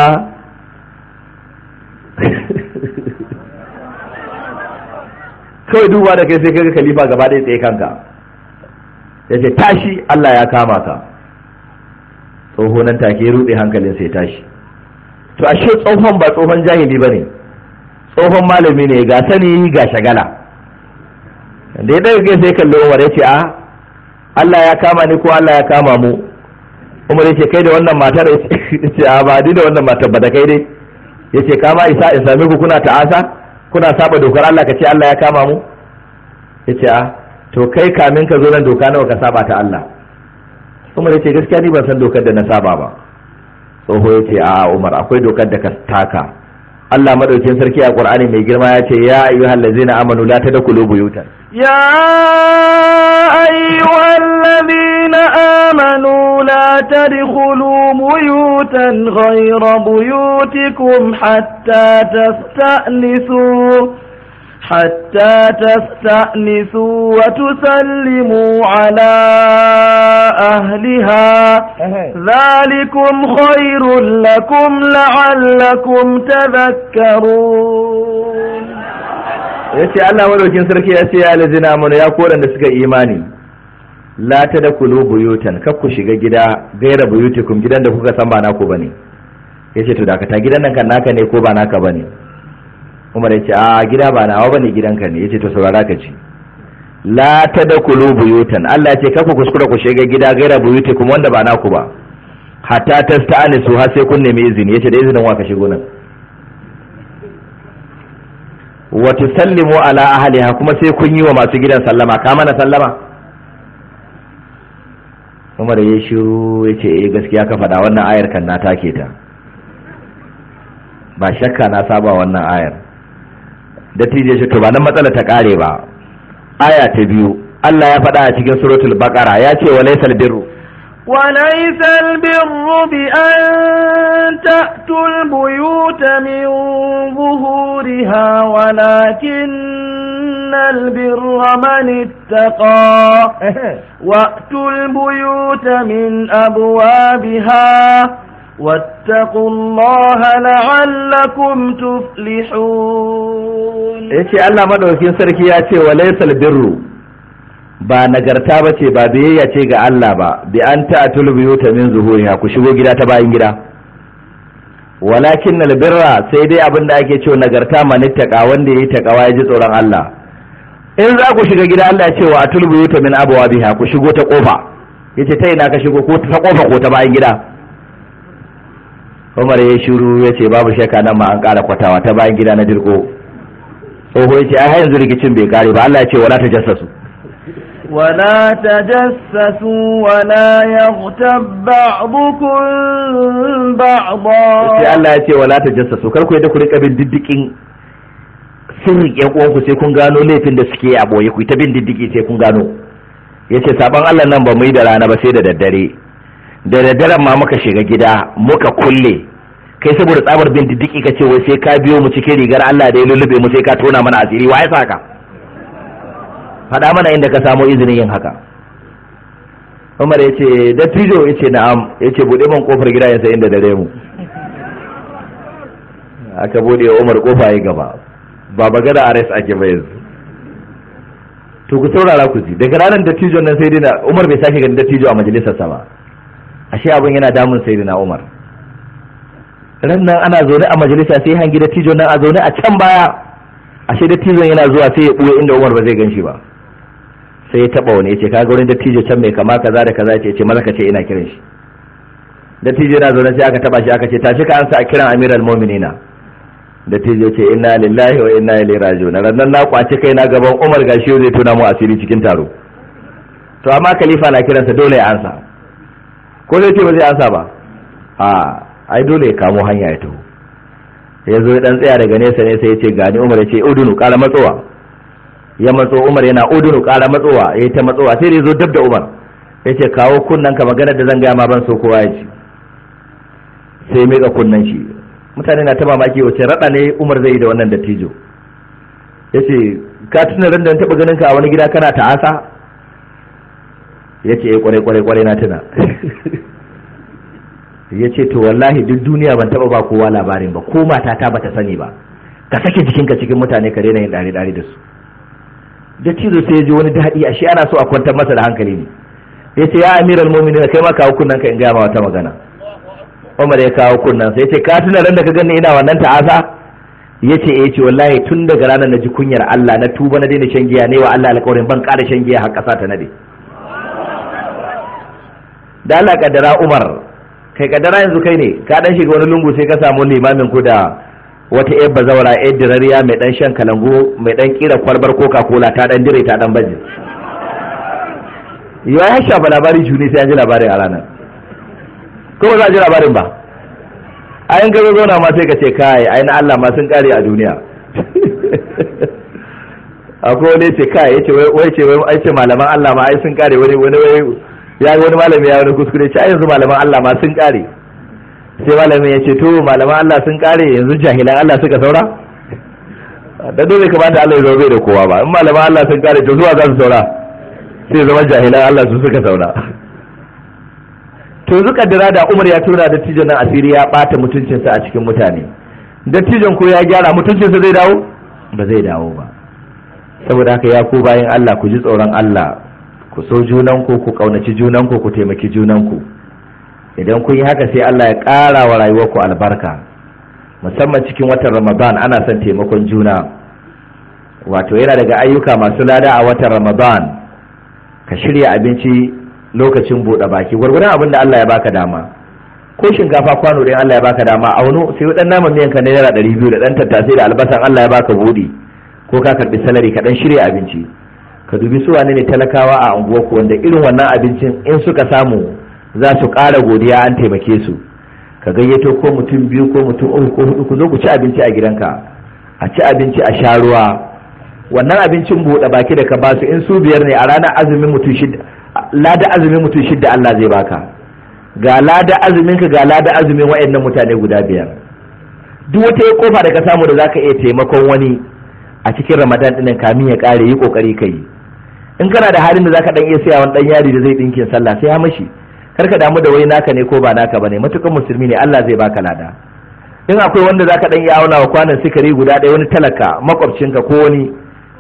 kawai duba da kai sai kaga khalifa gaba ɗaya tsaye kanka ya ce tashi Allah ya kama ka tsoho nan take ruɗe hankalin sai tashi to ashe tsohon ba tsohon jahili ba ne tsohon malami ne ga sani ga shagala da ya daga sai kalli umar ya ce a ah, Allah ya kama ni ko Allah ya kama mu umar ya ce kai da wannan matar ya ce a ah, ba ni da wannan matar ba da kai dai ya ce kama isa in same ku kuna ta'asa kuna saba dokar Allah ka ce Allah ya kama mu ya ce a ah, to kai kamin ka zo nan doka nawa ka saba ta Allah umar ya ce gaskiya ni ban san dokar da na saba ba tsoho ya ce a umar akwai dokar da ka taka Allah madaukin sarki a Qur'ani mai girma ya ce ya ayyuhal ladzina amanu la tadkhulu buyutan ya ayyuhal ladzina amanu la tadkhulu buyutan ghayra buyutikum hatta tasta'nisu حتى تستأنسوا وتسلموا على أهلها ذلكم خير لكم لعلكم تذكرون yace Allah madaukin sarki ya ce ya lazina mana ya koran da suka imani la ta da kulu buyutan kar ku shiga gida gaira buyutikum gidan da kuka san ba naku bane yace to dakata gidan nan kan naka ko ba naka bane umar ya ce a ah, gida ba nawa ba ne gidanka ne ya ce to saurara ka ci la ta da kulu buyutan Allah ce kafa kuskura ku shiga gida gaira buyuti kuma wanda ba naku ba hatta ta ani su har sai kun nemi izini ya ce da izinin wa ka shigo nan wa tusallimu ala ahliha kuma sai kun yi wa masu gidan sallama ka mana sallama Umar ya shiru ya ce eh gaskiya ka faɗa wannan ayar kan na take ta ba shakka na saba wannan ayar da tije shi to ba nan matsala ta ƙare ba aya ta biyu Allah ya faɗa a cikin suratul baqara ya ce wa laysal birru wa laysal birru bi an ta'tul buyuta min zuhuriha walakin البر من اتقى وأتوا البيوت من أبوابها واتقوا الله لعلكم تفلحون yace Allah madaukakin sarki ya ce wa laysal birru ba nagarta ba ce, ba biyayya ce ga Allah ba bi an ta'tul buyuta min zuhuriha ku shigo gida ta bayan gida walakin albirra sai dai abin da ake cewa nagarta ma manittaka wanda yayi takawa ya ji tsoron Allah in za ku shiga gida Allah ya ce wa atul buyuta min abwabiha ku shigo ta kofa yace ta ina ka shigo ko ta kofa ko ta bayan gida umar ya shiru ya ce babu shakka nan ma an ƙara kwatawa ta bayan gida na dirko tsoho ya ce ai yanzu rikicin bai kare ba Allah ya ce wala ta jassasu jassasu wala ya يغتب بعضكم بعضا sai Allah ya ce wala jassasu kar ku yadda ku rika bin diddikin sirri uwan ku sai kun gano laifin da suke a boye ku ta bin diddiki sai kun gano yace saban Allah nan ba mu yi da rana ba sai da daddare da daddaren ma muka shiga gida muka kulle kai saboda tsabar bin diddiki ka ce wai sai ka biyo mu cikin rigar Allah da ya lullube mu sai ka tona mana asiri wa ya saka faɗa mana inda ka samo izinin yin haka Umar ya ce dattijo ya ce na'am ya ce buɗe man kofar gida ya sai inda dare mu aka buɗe Umar kofa ya gaba ba bagada ares ake ba yanzu to ku saurara ku ji daga ranar dattijon nan sai dai Umar bai sake ganin dattijo a majalisarsa ba ashe abin yana damun sai Umar ran nan ana zaune a majalisa sai hangi da tijon nan a zaune a can baya a da tijon yana zuwa sai ya ɓuya inda umar ba zai gan shi ba sai ya taɓa wani yace kaga kaga wani dattijo can mai kama kaza da kaza yace ce maza ka ce ina kiran shi dattijo yana zaune sai aka taɓa shi aka ce tashi ka ansa a kiran amiral muminina dattijo ce inna lillahi wa inna ilaihi raji'un ran nan na kwace kai na gaban umar gashi zai tona mu asiri cikin taro to amma khalifa na kiransa dole ya ansa ko zai ce ba zai ansa ba a ai dole ya kamo hanya ya taho ya zo ya dan tsaya daga nesa nesa ya ce gani umar ya ce udunu ƙara matsowa ya matso umar yana udunu ƙara matsowa ya ta matsowa sai ya zo dab da umar ya ce kawo kunnan ka maganar da zan gaya ma ban so kowa ya ci sai mika kunnan shi mutane na ta mamaki wace raɗa ne umar zai yi da wannan dattijo ya ce ka tuna ran da taɓa ganin ka a wani gida kana ta'asa ya ce kwarai eh, kwarai kwarai na tuna ya ce to wallahi duk duniya ban taba ba kowa labarin ba ko matata bata sani ba ka sake jikinka cikin mutane ka daina yin dare dare da su da cizo sai ya ji wani daɗi a shi ana so a kwantar masa da hankali ne ya ce ya amiral mu'minin kai ma kawo kunnan ka in gaya ma wata magana Umar ya kawo kunnan sai ya ce ka tuna ran da ka gani ina wannan ta'asa ya ce ya eh, ce wallahi tun daga ranar na ji kunyar Allah na tuba na daina shan giya ne wa Allah alƙawarin ban ƙara shan giya har ƙasa ta nade da Allah kaddara Umar kai kadara yanzu kai ne ka dan shiga wani lungu sai ka samu limamin ku da wata yar bazawara yar dirariya mai dan shan kalangu mai dan kira kwalbar coca cola ta dan dire ta dan baji ya ya shafa labari juni sai an ji labarin a ranar ko ba za a ji labarin ba a yin gaba zauna ma sai ka ce kai a na Allah ma sun kare a duniya akwai wani ce kai ya ce wai ce wai ai ce malaman Allah ma ai sun kare wani wani wai ya wani malami ya wani kuskure ce yanzu malaman Allah ma sun kare sai malamin ya ce to malaman Allah sun kare yanzu jahilan Allah suka saura da dole ka da Allah ya zama bai da kowa ba in malaman Allah sun kare to zuwa za su saura sai zama jahilan Allah su suka saura to zuka dira da Umar ya tura da tijan nan asiri ya bata mutuncinsa a cikin mutane dattijon ko ya gyara mutuncinsa zai dawo ba zai dawo ba saboda haka ya ku bayan Allah ku ji tsoron Allah ku so junanku ku kaunaci junanku ku taimaki junanku idan kun yi haka sai Allah ya ƙara wa rayuwarku albarka musamman cikin watan ramadan ana son taimakon juna wato yana daga ayyuka masu lada a watan ramadan ka shirya abinci lokacin buɗe baki gwargwadon abin Allah ya baka dama ko shinkafa kwano ɗin Allah ya baka dama a auno sai wadan naman miyan ka naira ɗari biyu da ɗan tattasai da albasan Allah ya baka buɗi ko ka karɓi salari ka ɗan shirya abinci ka dubi su wane ne talakawa a unguwarku wanda irin wannan abincin in suka samu za su ƙara godiya an taimake su ka gayyato ko mutum biyu ko mutum uku ko hudu ku zo ku ci abinci a gidanka a ci abinci a sha ruwa wannan abincin buɗe baki da ka ba su in su biyar ne a ranar azumin mutum shidda lada azumin mutum shidda Allah zai baka ga lada azumin ka ga lada azumin waɗannan mutane guda biyar duk wata kofa da ka samu da zaka iya taimakon wani a cikin Ramadan ɗinnan kamin ya ƙare yi ƙoƙari ka yi in kana da halin da zaka dan iya saya wani dan yari da zai dinkin sallah sai ya mashi karka damu da wai naka ne ko ba naka bane matukan musulmi ne Allah zai baka lada in akwai wanda zaka dan iya auna wa kwanan sikari guda ɗaya wani talaka makwabcinka ko wani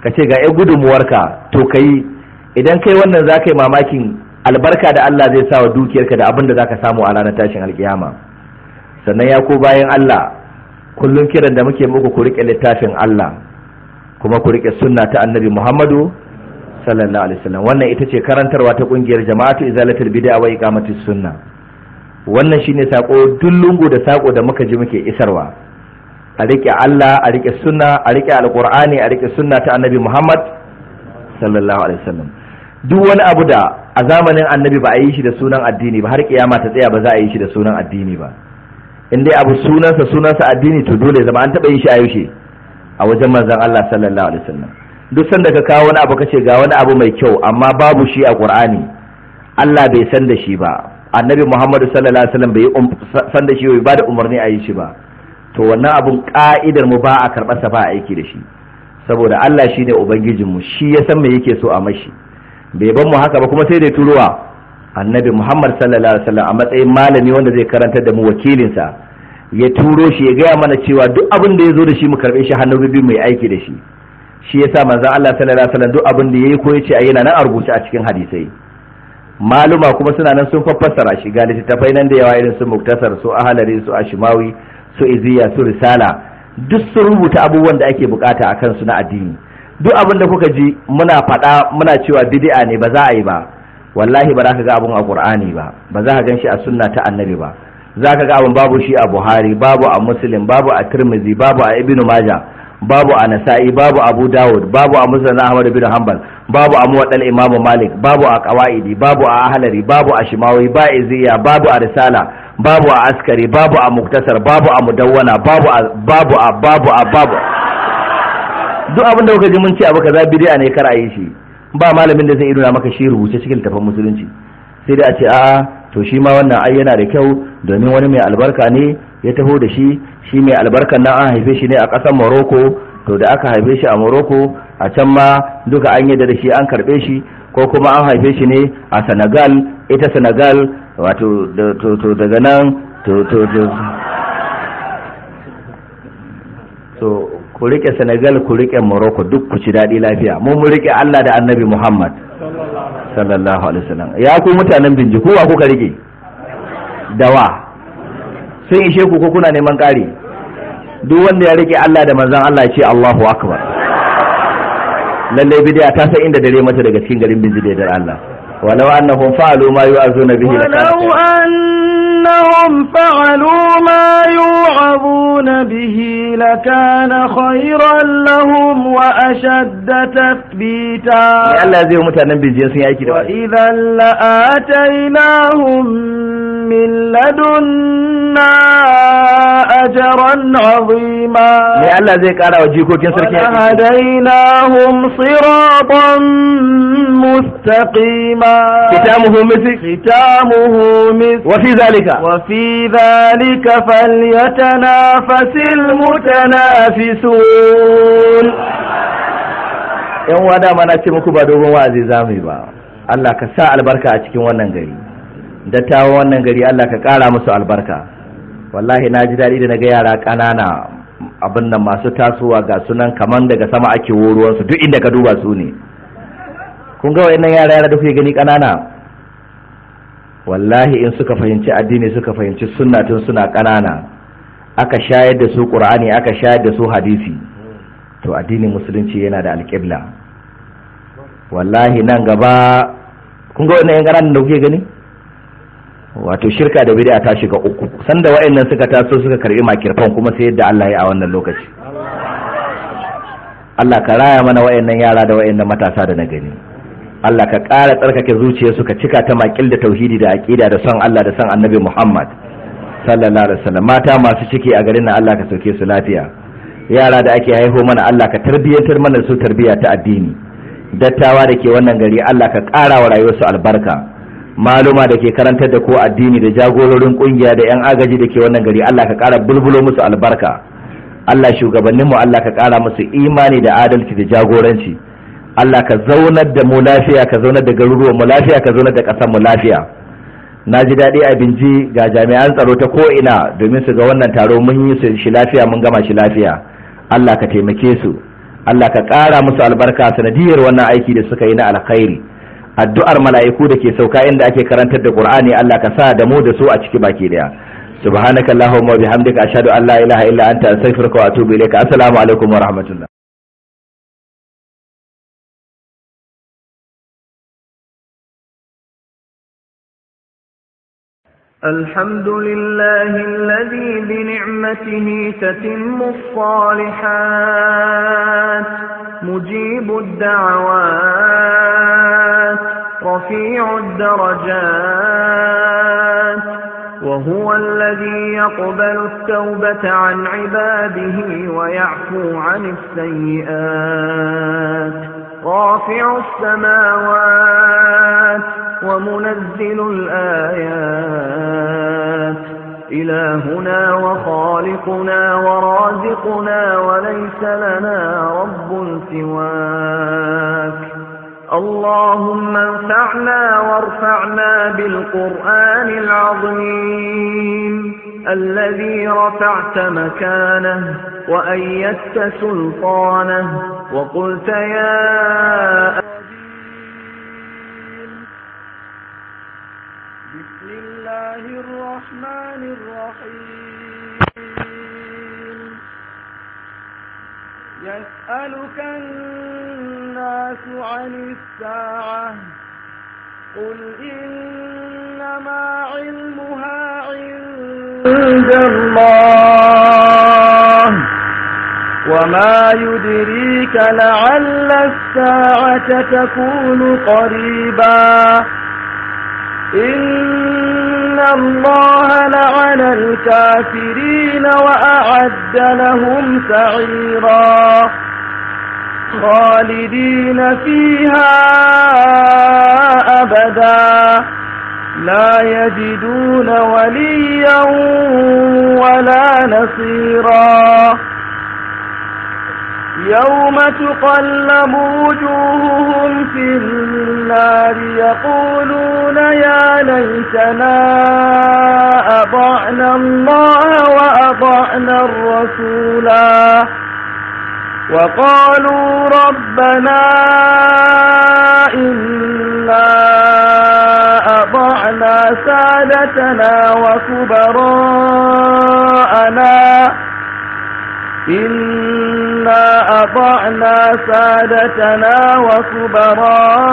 ka ce ga ai ka to kai idan kai wannan zaka yi mamakin albarka da Allah zai sa wa dukiyarka da abin da zaka samu a ranar tashin alkiyama sannan ya ko bayan Allah kullum kiran da muke muku ku rike littafin Allah kuma ku rike sunna ta Annabi Muhammadu sallallahu alaihi wasallam wannan ita ce karantarwa ta kungiyar jama'atu izalatul bid'a wa iqamatus sunna wannan shine sako duk lungu da sako da muka ji muke isarwa a rike Allah a rike sunna a rike alqur'ani a rike sunna ta annabi Muhammad sallallahu alaihi wasallam duk wani abu da a zamanin annabi ba a yi shi da sunan addini ba har kiyama ta tsaya ba za a yi shi da sunan addini ba in dai abu sunansa sunansa addini to dole zama an taba yin shi a yaushe a wajen manzon Allah sallallahu alaihi wasallam duk sanda ka kawo wani abu kace ga wani abu mai kyau amma babu shi a Qur'ani Allah bai san da shi ba annabi Muhammadu sallallahu alaihi wasallam bai um, san da shi bai bada umarni a yi shi ba to wannan abun ka'idar mu ba a karɓar sa ba aiki da shi saboda Allah shine ubangijin mu shi ya san me yake so a mashi bai ban mu haka ba kuma sai da turuwa annabi Muhammad sallallahu alaihi wasallam a matsayin malami wanda zai karantar da mu wakilinsa ya turo shi ya gaya mana cewa duk abin da ya zo da shi mu karɓe shi hannu biyu mai aiki da shi shi yasa manzon Allah sallallahu alaihi wasallam duk abin da yayi ko yace ayi nan a rubuce a cikin hadisai maluma kuma suna nan sun fassara shi ga littattafai nan da yawa irin su muktasar su ahalari su ashimawi su iziya su risala duk sun rubuta abubuwan da ake bukata a su na addini duk abin da kuka ji muna faɗa muna cewa bid'a ne ba za a yi ba wallahi ba za ka ga abun a qur'ani ba ba za ka gan shi a sunna ta annabi ba za ka ga abin babu shi a buhari babu a muslim babu a tirmidhi babu a ibnu majah babu a nasa'i babu abu dawud babu a musnad ahmad bin hanbal babu a muwaddal imamu malik babu a kawa'idi babu a ahlari babu a shimawi ba iziya babu a risala babu a askari babu a muktasar babu a mudawwana babu a babu a babu a babu duk abin da kuka ji mun ce abu kaza bid'a ne kar a yi shi ba malamin da zai yi nuna maka shi rubuce cikin tafan musulunci sai dai a ce a'a to shi ma wannan ai da kyau domin wani mai albarka ne ya taho da shi shi mai albarkan nan an haife shi ne a ƙasar morocco to da aka haife shi a morocco a can ma duka an yadda da shi an karɓe shi ko kuma an haife shi ne a senegal ita senegal wato to daga nan to to to ku rike senegal ku rike morocco duk ku ci daɗi lafiya mu mu rike allah da annabi muhammad sallallahu alaihi wasallam ya ku mutanen binji kowa kuka rike dawa sun ishe ku ko kuna neman ƙari duk wanda ya rike Allah da manzon Allah ya ce Allahu akbar lalle bid'a ta san inda dare mata daga cikin garin bid'a da Allah walau annahum fa'alu ma yu'azuna bihi walau annahum fa'alu ma yu'azuna bihi lakana khayran lahum wa ashadda tathbita ya Allah zai mutanen bid'a sun yi aiki da wa idan la'atainahum min ladunna أجرا عظيما ولهديناهم صراطا مستقيما ختامه مثل ختامه مثل وفي ذلك وفي ذلك فليتنافس المتنافسون yan wa dama na ce muku ba dogon wa'azi zamu yi ba Allah ka sa albarka a cikin wannan gari dattawan wannan gari Allah ka kara musu albarka wallahi na ji daɗi da na ga yara ƙanana abin nan masu tasowa ga sunan kaman daga sama ake su duk inda ka duba su ne kun ga wayannan yara yara da kuke gani ƙanana wallahi in suka fahimci addini suka fahimci sunna tun suna ƙanana aka shayar da su ƙur'ani aka shayar da su hadisi to addinin musulunci yana da alƙibla wallahi nan gaba kun ga wayannan yan ƙanana da kuke gani wato shirka da bid'a ta shiga uku sanda wa'annan suka taso suka karbi makirfan kuma sai yadda Allah ya a wannan lokaci Allah ka raya mana wayannan yara da wa'annan matasa da na gani Allah ka ƙara tsarkake zuciya suka cika ta makil da tauhidi da aqida da son Allah da son Annabi Muhammad sallallahu alaihi wasallam mata masu ciki a garin nan Allah ka sauke su lafiya yara da ake haihu mana Allah ka tarbiyyantar mana su tarbiya ta addini dattawa da ke wannan gari Allah ka ƙara wa rayuwarsu albarka maluma da ke karantar da ko addini da jagororin kungiya da 'yan agaji da ke wannan gari Allah ka kara bulbulo musu albarka Allah shugabanninmu Allah ka kara musu imani da adalci da jagoranci Allah ka zaunar da mu lafiya ka zaunar da garuruwan mu lafiya ka zaunar da ƙasar mu lafiya na ji daɗi a binji ga jami'an tsaro ta ko ina domin su ga wannan taro mun yi su shi lafiya mun gama shi lafiya Allah ka taimake su Allah ka ƙara musu albarka sanadiyar wannan aiki da suka yi na alkhairi addu'ar mala'iku da ke sauka inda ake karantar da qur'ani Allah ka sa da mu da su a ciki baki daya subhanaka allahumma bihamdika ashhadu an la ilaha illa anta astaghfiruka wa atubu ilayka assalamu alaikum wa rahmatullah الحمد لله الذي بنعمته تتم الصالحات مجيب الدعوات رفيع الدرجات وهو الذي يقبل التوبة عن عباده ويعفو عن السيئات رافع السماوات ومنزل الآيات إلهنا وخالقنا ورازقنا وليس لنا رب سواك اللهم انفعنا وارفعنا بالقرآن العظيم الذي رفعت مكانه وأيدت سلطانه وقلت يا يسألك الناس عن الساعة قل إنما علمها عند الله وما يدريك لعل الساعة تكون قريبا إن إن الله لعن الكافرين وأعد لهم سعيرا خالدين فيها أبدا لا يجدون وليا ولا نصيرا يوم تقلب وجوههم في النار يقولون يا ليتنا أطعنا الله وأطعنا الرسولا وقالوا ربنا إنا أطعنا سادتنا وكبراءنا إنا أطعنا سادتنا وكبراءنا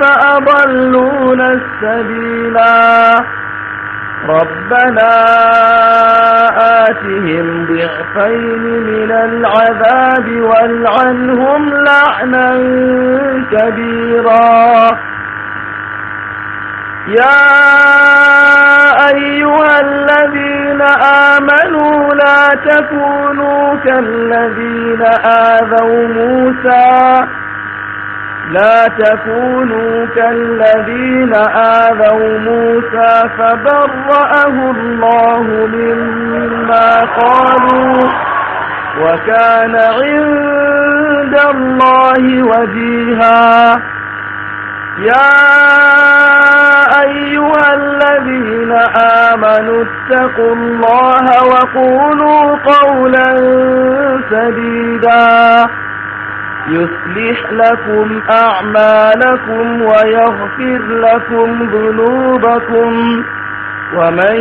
فأضلون السبيلا ربنا آتهم ضعفين من العذاب والعنهم لعنا كبيرا يا أيها الذين آمنوا لا تكونوا كالذين آذوا موسى لا تكونوا كالذين آذوا موسى فبرأه الله مما قالوا وكان عند الله وجيها يا آمنوا اتقوا الله وقولوا قولا سديدا يصلح لكم أعمالكم ويغفر لكم ذنوبكم ومن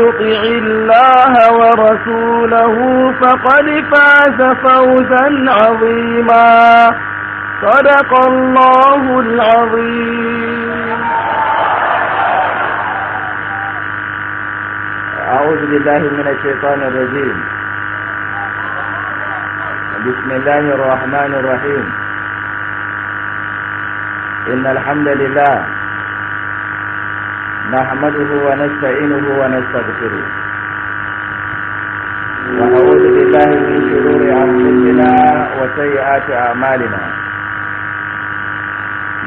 يطع الله ورسوله فقد فاز فوزا عظيما صدق الله العظيم أعوذ بالله من الشيطان الرجيم بسم الله الرحمن الرحيم إن الحمد لله نحمده ونستعينه ونستغفره وأعوذ بالله من شرور أنفسنا وسيئات أعمالنا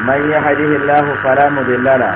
من يهده الله فلا مضل له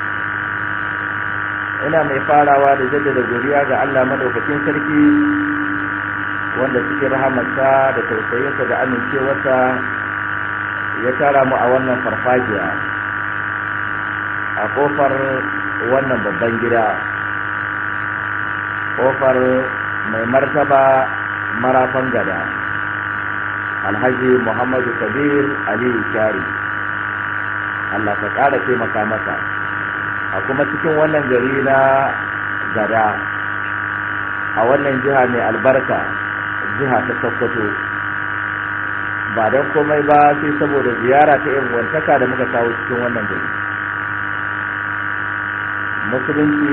ina mai farawa da jaddada godiya ga Allah madaukakin sarki wanda cikin rahamarsa da tausayinsa da amincewarsa ya tara mu a wannan farfajiya a kofar wannan babban gida kofar mai martaba marafan gada alhaji muhammadu kabir aliyu kyari allah ka ƙara taimaka masa a kuma cikin wannan gari na gada a wannan jiha mai albarka jiha ta sokoto ba don komai ba sai saboda ziyara ta yin wantaka da muka kawo cikin wannan gari musulunci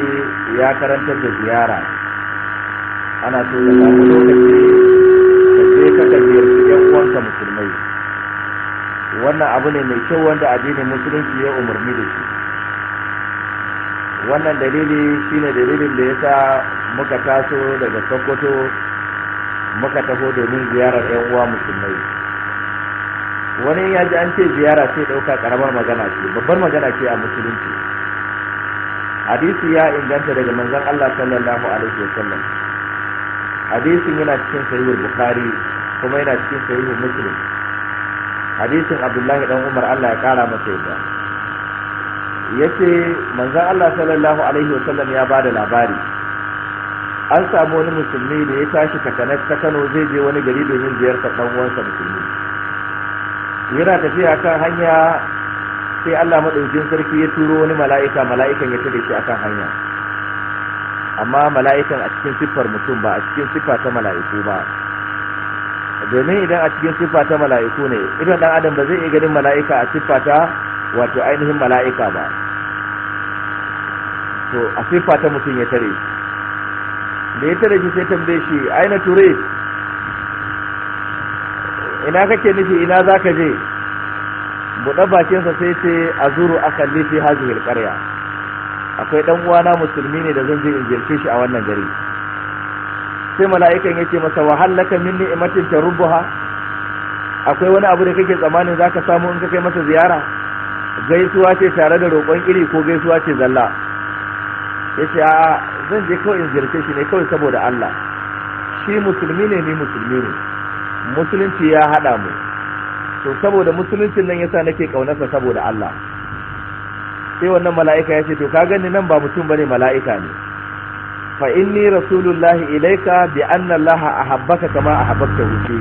ya karantar da ziyara ana so da samun lokaci ka je ka ziyarci yan uwanka musulmai wannan abu ne mai kyau wanda addinin musulunci ya umarni da shi wannan dalili shine dalilin da yasa muka taso daga sokoto muka taho domin ziyarar yan uwa musulmai wani ya ji an ce ziyara sai ɗauka ƙaramar magana ce babbar magana ce a musulunci hadisi ya inganta daga manzan Allah sallallahu alaihi wasallam hadisin yana cikin sahihul bukhari kuma yana cikin sahihul muslim hadisin abdullahi dan umar Allah ya kara masa yadda Ya ce, manzon Allah sallallahu alaihi wasallam ya da labari an samu wani musulmi da ya tashi takanar ta Kano zai je wani gari domin ziyartar dan uwansa musulmi yana tafiya kan hanya sai Allah madaukin sarki ya turo wani mala'ika mala'ikan ya tafi shi kan hanya amma mala'ikan a cikin siffar mutum ba a cikin siffa ta mala'iku ba domin idan a cikin siffa ta mala'iku ne idan dan adam ba zai iya ganin mala'ika a siffa ta wato ainihin mala'ika ba to a sifa ta mutum ya tare da ya tare shi sai tambaye shi aina ture ina kake nufi ina za ka je buɗe bakinsa sai ce a zuru a kalli fi hazihil ƙarya akwai ɗan uwana musulmi ne da zan je in ziyarce shi a wannan gari sai mala'ikan ya ce masa wahallaka a ni'matin tarubbuha akwai wani abu da kake tsammanin ka samu in ka kai masa ziyara gaisuwa ce tare da roƙon iri ko gaisuwa ce zalla ya ce a zan je kawai in ziyarce shi ne kawai saboda Allah shi musulmi ne ni musulmi ne musulunci ya haɗa mu to saboda musuluncin nan yasa nake ƙaunarsa saboda Allah sai wannan mala'ika ya ce to ka gani nan ba mutum bane mala'ika ne fa inni rasulullahi ilaika bi anna Allah ahabbaka kama ahabbaka wuce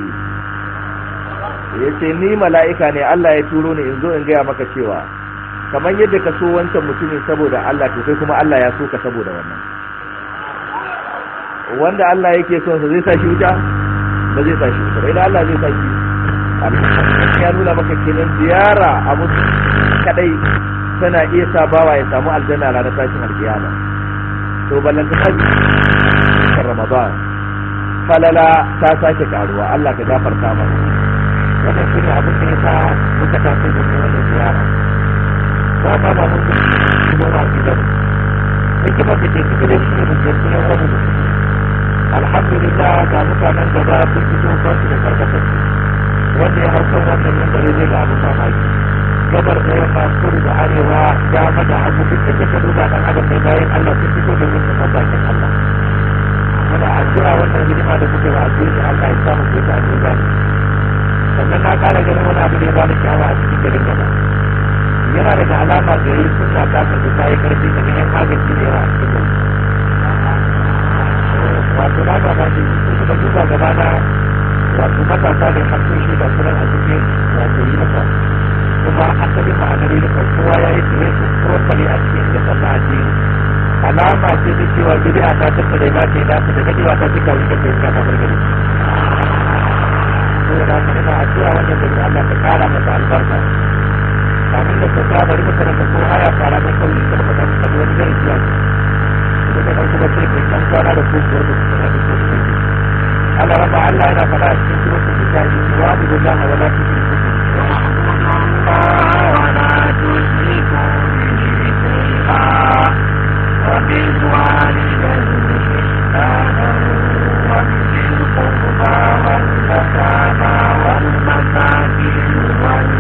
ce ni mala'ika ne Allah ya turo ni in zo in gaya maka cewa kamar yadda ka so wancan mutumin saboda Allah to kai kuma Allah ya so ka saboda wannan wanda Allah yake son sa zai sashi wuta ba zai sashi wuta ba idan Allah zai sashi amma ya nuna maka kenan ziyara a mutum kadai tana iya sa bawa ya samu aljanna ranar tashin alkiyama to ballanta ta ramadan falala ta sake karuwa Allah ka gafarta maka wannan ne abin da ya sa muka tafi hikima da cikin shi ne wani alhamdulillah ga mutanen da za su fito kansu da karkatar wanda ya harkar wannan lambarin zai ga abin mamaki gabar da yamma da arewa ya da hagu duk da kika duba dan adam mai bayan Allah sun fito da mun san bakin Allah muna addu'a wannan hidima da kuke ba addu'a Allah ya samu a duniya sannan na ganin wani abu da ya kyawa a cikin garin gaba yana da alama da yi kusa ta karbi ta yi karfi da ya magance da yawa a cikin wato na ba shi su ka duba gaba na wato matasa da hankali shi da sunan a cikin wato yi masa kuma asali ma'anar yi da kowa ya yi tsaye su profali a cikin da sallah a cikin alama ce da cewa bid'a ta tattare ma ce da su da kajewa ta kawai wuce da ya ta fargari saboda haka ina addu'a wannan da Allah ta kara masa albarka kami berdoa dari beberapa suara para mengkoli kepada kedua gereja. Kemudian aku berpikir, dan suara ada kubur kepada kubur. Allah Rabbah Allah ina pada kubur ketika ini, wa abu gudang wa la kubur kubur. وبالوالدين إحسانا وبذي القربى واليتامى والمساكين والمساكين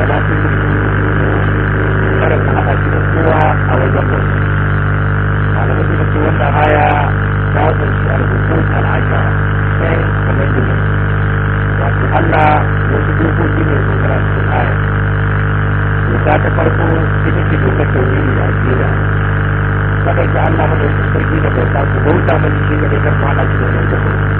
kamata kada ku da kowa a wajen ku malamai suka ce wannan aya ta Allah wasu dokoki ne su ta farko ita ce dokar tauhidi da Allah madaukakin sarki da bauta ku bauta mai shi ga da kan ku shi da wajen ku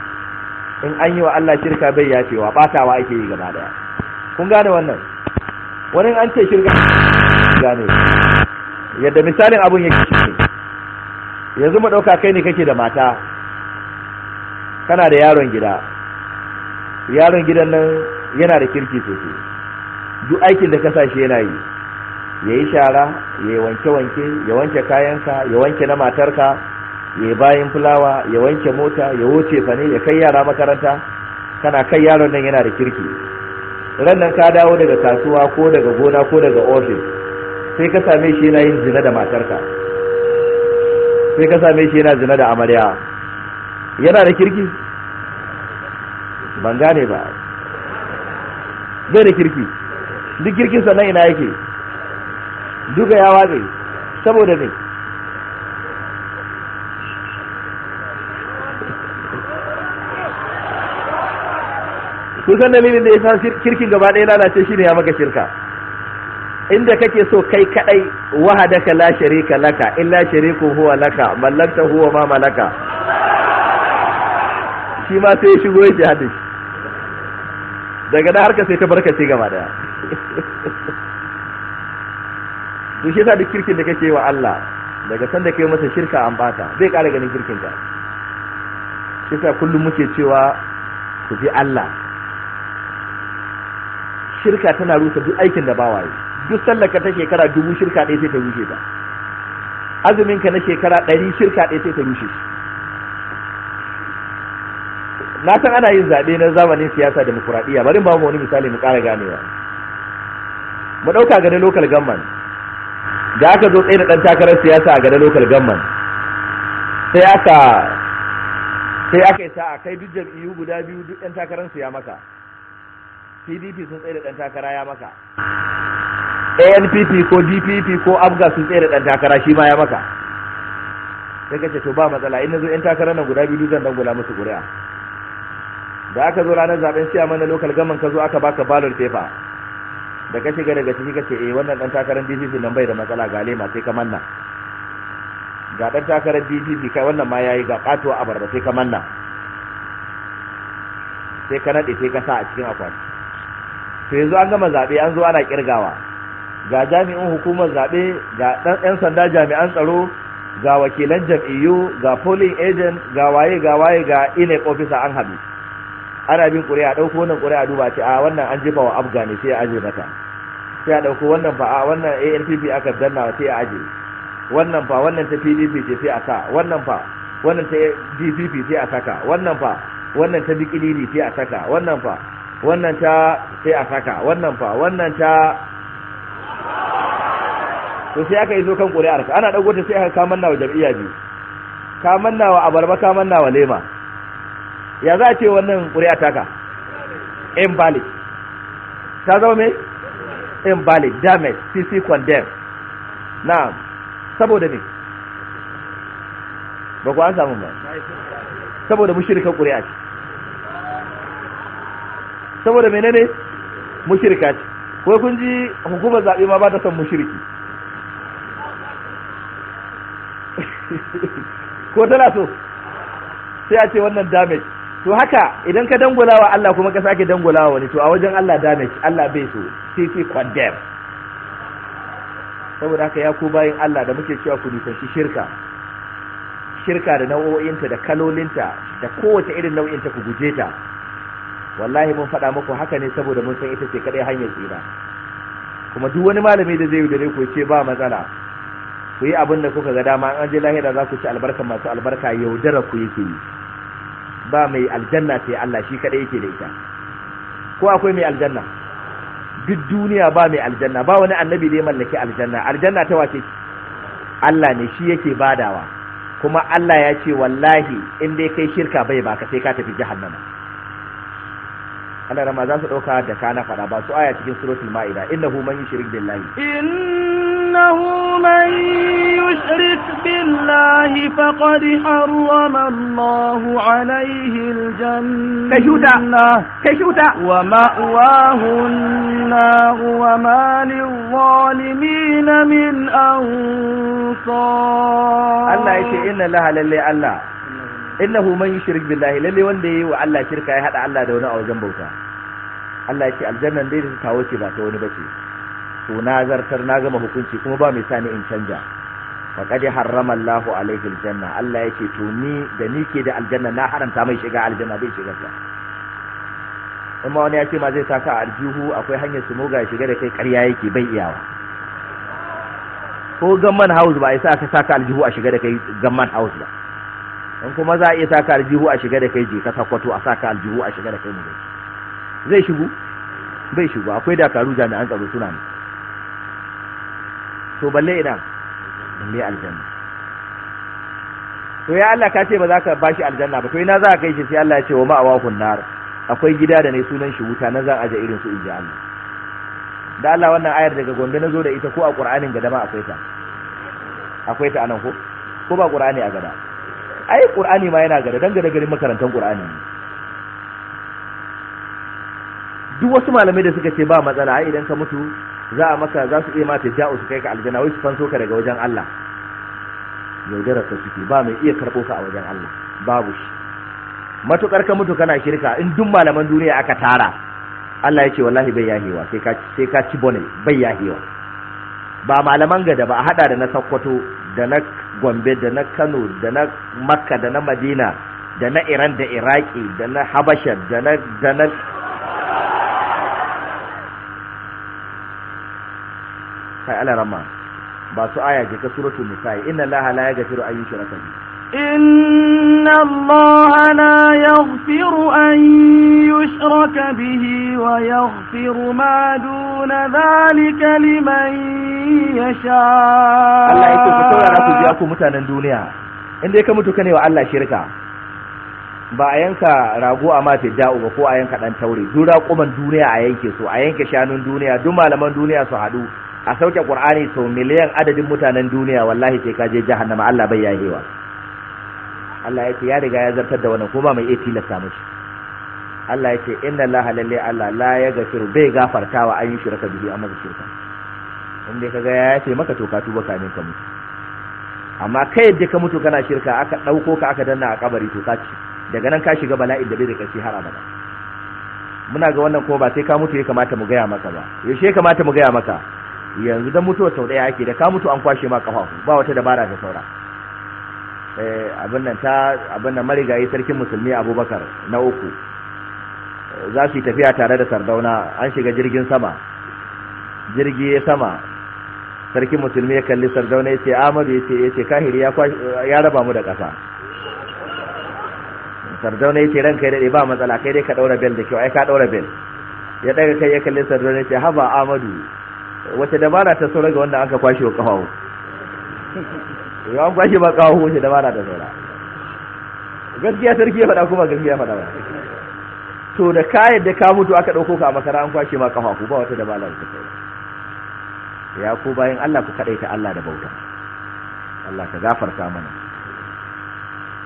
in an yi wa Allah shirka bai yafewa batawa ake yi gaba daya kun gane wannan wani an ce shirka gane yadda misalin abun yake shi yanzu mu ɗauka kai ne kake da mata kana da yaron gida yaron gidan nan yana da kirki sosai duk aikin da ka shi yana yi ya yi shara ya wanke-wanke ya wanke kayanka ya wanke na matarka ya bayan fulawa ya wanke mota ya wuce fane ya kai yara makaranta kana kai yaron nan yana da kirki Ran nan ka dawo daga kasuwa ko daga gona ko daga ofis sai ka same shi yana yin zina da matarka sai ka same shi yana zina da amarya yana da kirki ban gane ba bai da kirki duk kirkin sannan ina yake duka ya watsi saboda ne san dalilin da ya sa kirkin gaba ɗaya lalace shine ya maka shirka inda kake so kai kadai wahadaka la sharika laka illa shariku huwa laka mallakta huwa ma malaka shi ma sai shigo yake hada daga da harka sai ta barkace gaba daya to shi yasa duk kirkin da kake wa Allah daga san da kai masa shirka an bata, zai kara ganin kirkin ka shi yasa kullum muke cewa ku bi Allah shirka tana rusa duk aikin da bawaye duk sallaka ta shekara dubu shirka ɗaya sai ta rushe ta azumin ka na shekara ɗari shirka ɗaya sai ta rushe na san ana yin zaɓe na zamanin siyasa mukuraɗiya bari ba mu wani misali mu ƙara ganewa mu ɗauka gane local government da aka zo tsaye da ɗan takarar siyasa a gane local government sai aka sai aka yi sa'a kai duk jam'iyyu guda biyu duk ɗan takarar siya maka pdp sun tsaye da ɗan takara ya maka anpp ko dpp ko abga sun tsaye da ɗan takara shi ma ya maka sai ka ce to ba matsala in zo yan takarar nan guda biyu zan dangula musu ƙuri'a da aka zo ranar zaben siya mana lokal gaman ka zo aka baka ballot paper da ka shiga daga ciki ka ce eh wannan ɗan takarar dpp nan bai da matsala ga lema sai ka manna ga ɗan takarar dpp kai wannan ma yayi ga katuwa abarba sai ka manna sai ka naɗe sai ka sa a cikin akwati to yanzu an gama zaɓe an zo ana kirgawa ga jami'in hukumar zaɓe ga ɗan ɗan sanda jami'an tsaro ga wakilan jam'iyyu ga polling agent ga waye ga waye ga inec officer an haɗu ana bin ƙuri'a ɗauko wannan ƙuri'a duba ce a wannan an jefa wa afghan ne sai a aje mata sai a ɗauko wannan fa a wannan anpp aka danna sai a aje wannan fa wannan ta pdp ce sai a sa wannan fa wannan ta dpp sai a saka wannan fa wannan ta bikilili sai a saka wannan fa wannan ta sai a saka wannan fa wannan ta to sai aka izo kan ƙuri'ar ka ana ɗago ta sai aka kaman nawa jam'iyya biyu kaman nawa abarba kaman nawa lema ya za a ce wannan ƙuri'a taka invalid ta zama me invalid damage cc condemn na saboda ne ba ku an samu ba saboda mushirikan ƙuri'a ce saboda menene mushirka ce ko kun ji hukumar zaɓe ma ba ta son mushirki ko tana so sai a ce wannan damage to haka idan ka dangula wa Allah kuma ka sake dangula wa wani to a wajen Allah damage Allah bai so sai sai condemn saboda haka ya ku bayin Allah da muke cewa ku nisanci shirka shirka da nau'o'inta da kalolinta da kowace irin nau'inta ku guje ta wallahi mun faɗa muku haka ne saboda mun san ita ce kaɗai hanyar tsira kuma duk wani malami da zai yi dare ku ce ba matsala ku yi abin da kuka ga dama an je lahira za ku ci albarka masu albarka yaudara ku yake yi ba mai aljanna sai Allah shi kaɗai yake da ita ko akwai mai aljanna duk duniya ba mai aljanna ba wani annabi da ya mallaki aljanna aljanna ta wace Allah ne shi yake badawa kuma Allah ya ce wallahi in dai kai shirka bai baka sai ka tafi jahannama ana rama za su ɗauka da kana faɗa ba su aya cikin suratul ma'ida innahu man yushrik billahi innahu man yushrik billahi faqad harrama Allahu alayhi aljanna kashuta kashuta wa ma'wahu an wa ma lil min ansar Allah yace inna laha Allah innahu man yushrik billahi lalle wanda yayi wa Allah shirka ya hada Allah da wani a wajen bauta Allah yake ce aljannan dai ta wuce ba ta wani bace to na zartar na gama hukunci kuma ba mai sani in canja wa qad harrama Allahu alayhi aljanna Allah yake to ni da ni ke da aljanna na haramta mai shiga aljanna bai shiga ta amma wani ya ma zai saka arjihu akwai hanyar su moga shiga da kai ƙarya yake bai iyawa ko gamman house ba ya aka saka aljihu a shiga da kai gamman house ba in kuma za a iya saka aljihu a shiga da kai je ka sakwato a saka aljihu a shiga da kai mu zai shigo bai shigo akwai dakaru jami'an tsaro suna ne to balle idan balle aljanna to ya Allah ka ce ba za ka bashi aljanna ba to ina za ka kai shi sai Allah ya ce wa ma'awahun nar akwai gida da ne sunan shi wuta nan zan aje irin su inji Allah da Allah wannan ayar daga gombe na zo da ita ko a Qur'anin gadama akwai ta akwai ta anan ko ko ba Qur'ani a gada ai qur'ani ma yana gada dangane gari garin makarantar qur'ani duk wasu malamai da suka ce ba matsala ai idan ka mutu za a maka za su iya mata taja'u su kai ka aljanna wai su fanso ka daga wajen Allah yaudara ka suke ba mai iya karɓo ka a wajen Allah babu shi matukar ka mutu kana shirka in duk malaman duniya aka tara Allah ya ce wallahi bai yahewa sai ka sai ka ci bone bai yahewa ba malaman gada ba a hada da na sakkwato da na gombe da na kano da na makka da na madina da na iran da iraki da na habashar da na da na kai alarama ba su aya ga suratul nisa inna allaha la yaghfiru an yushraka bihi إن الله لا يغفر أن يشرك به ويغفر ما دون يفعلون ذلك لمن يشاء الله يكون فسورة ku biya ku mutanen duniya inda ya ka mutu ka ne wa Allah shirka ba a yanka rago a mafi da'u ba ko a yanka dan taure duk raƙuman duniya a yanke su a yanke shanun duniya duk malaman duniya su haɗu a sauke qur'ani sau miliyan adadin mutanen duniya wallahi sai ka je jahannama Allah bai yahewa Allah ya ce ya riga ya zartar da wannan ko ba mai iya tilasta shi. Allah ya ce inna Allah lalle Allah la ya gafiru bai gafartawa an yi shirka bihi amma da shirka in dai kaga ya yace maka to ka tuba ka ka amma kai yadda ka mutu kana shirka aka dauko ka aka danna a kabari to ka ci daga nan ka shiga bala'in da bai da kashi har abada muna ga wannan ko ba sai ka mutu ya kamata mu gaya maka ba yaushe ya kamata mu gaya maka yanzu dan mutuwar sau daya ake da ka mutu an kwashe ma kafafu ba wata dabara ta saura eh abin nan ta abin nan marigayi sarkin musulmi Abubakar na uku za su yi tafiya tare da sardauna an shiga jirgin sama jirgi ya sama sarki musulmi ya kalli sardauna ya ce amadu ya ce ya ce kahiri ya raba mu da ƙasa sardauna ya ce ran kai daɗe ba matsala kai dai ka ɗaura bel da kyau ai ka ɗaura bel ya ɗaga kai ya kalli sardauna ya ce haba amadu wace dabara ta saura ga wanda aka kwashe wa ƙafawo ya kwashe ba ƙafawo wace dabara ta saura gaskiya sarki ya faɗa kuma gaskiya faɗa ba to da ka yadda ka mutu aka ɗauko ka a makara an kwashe ma kafa ku ba wata da malam ta kai ya ku bayan Allah ku kaɗaita Allah da bauta Allah ka gafarta mana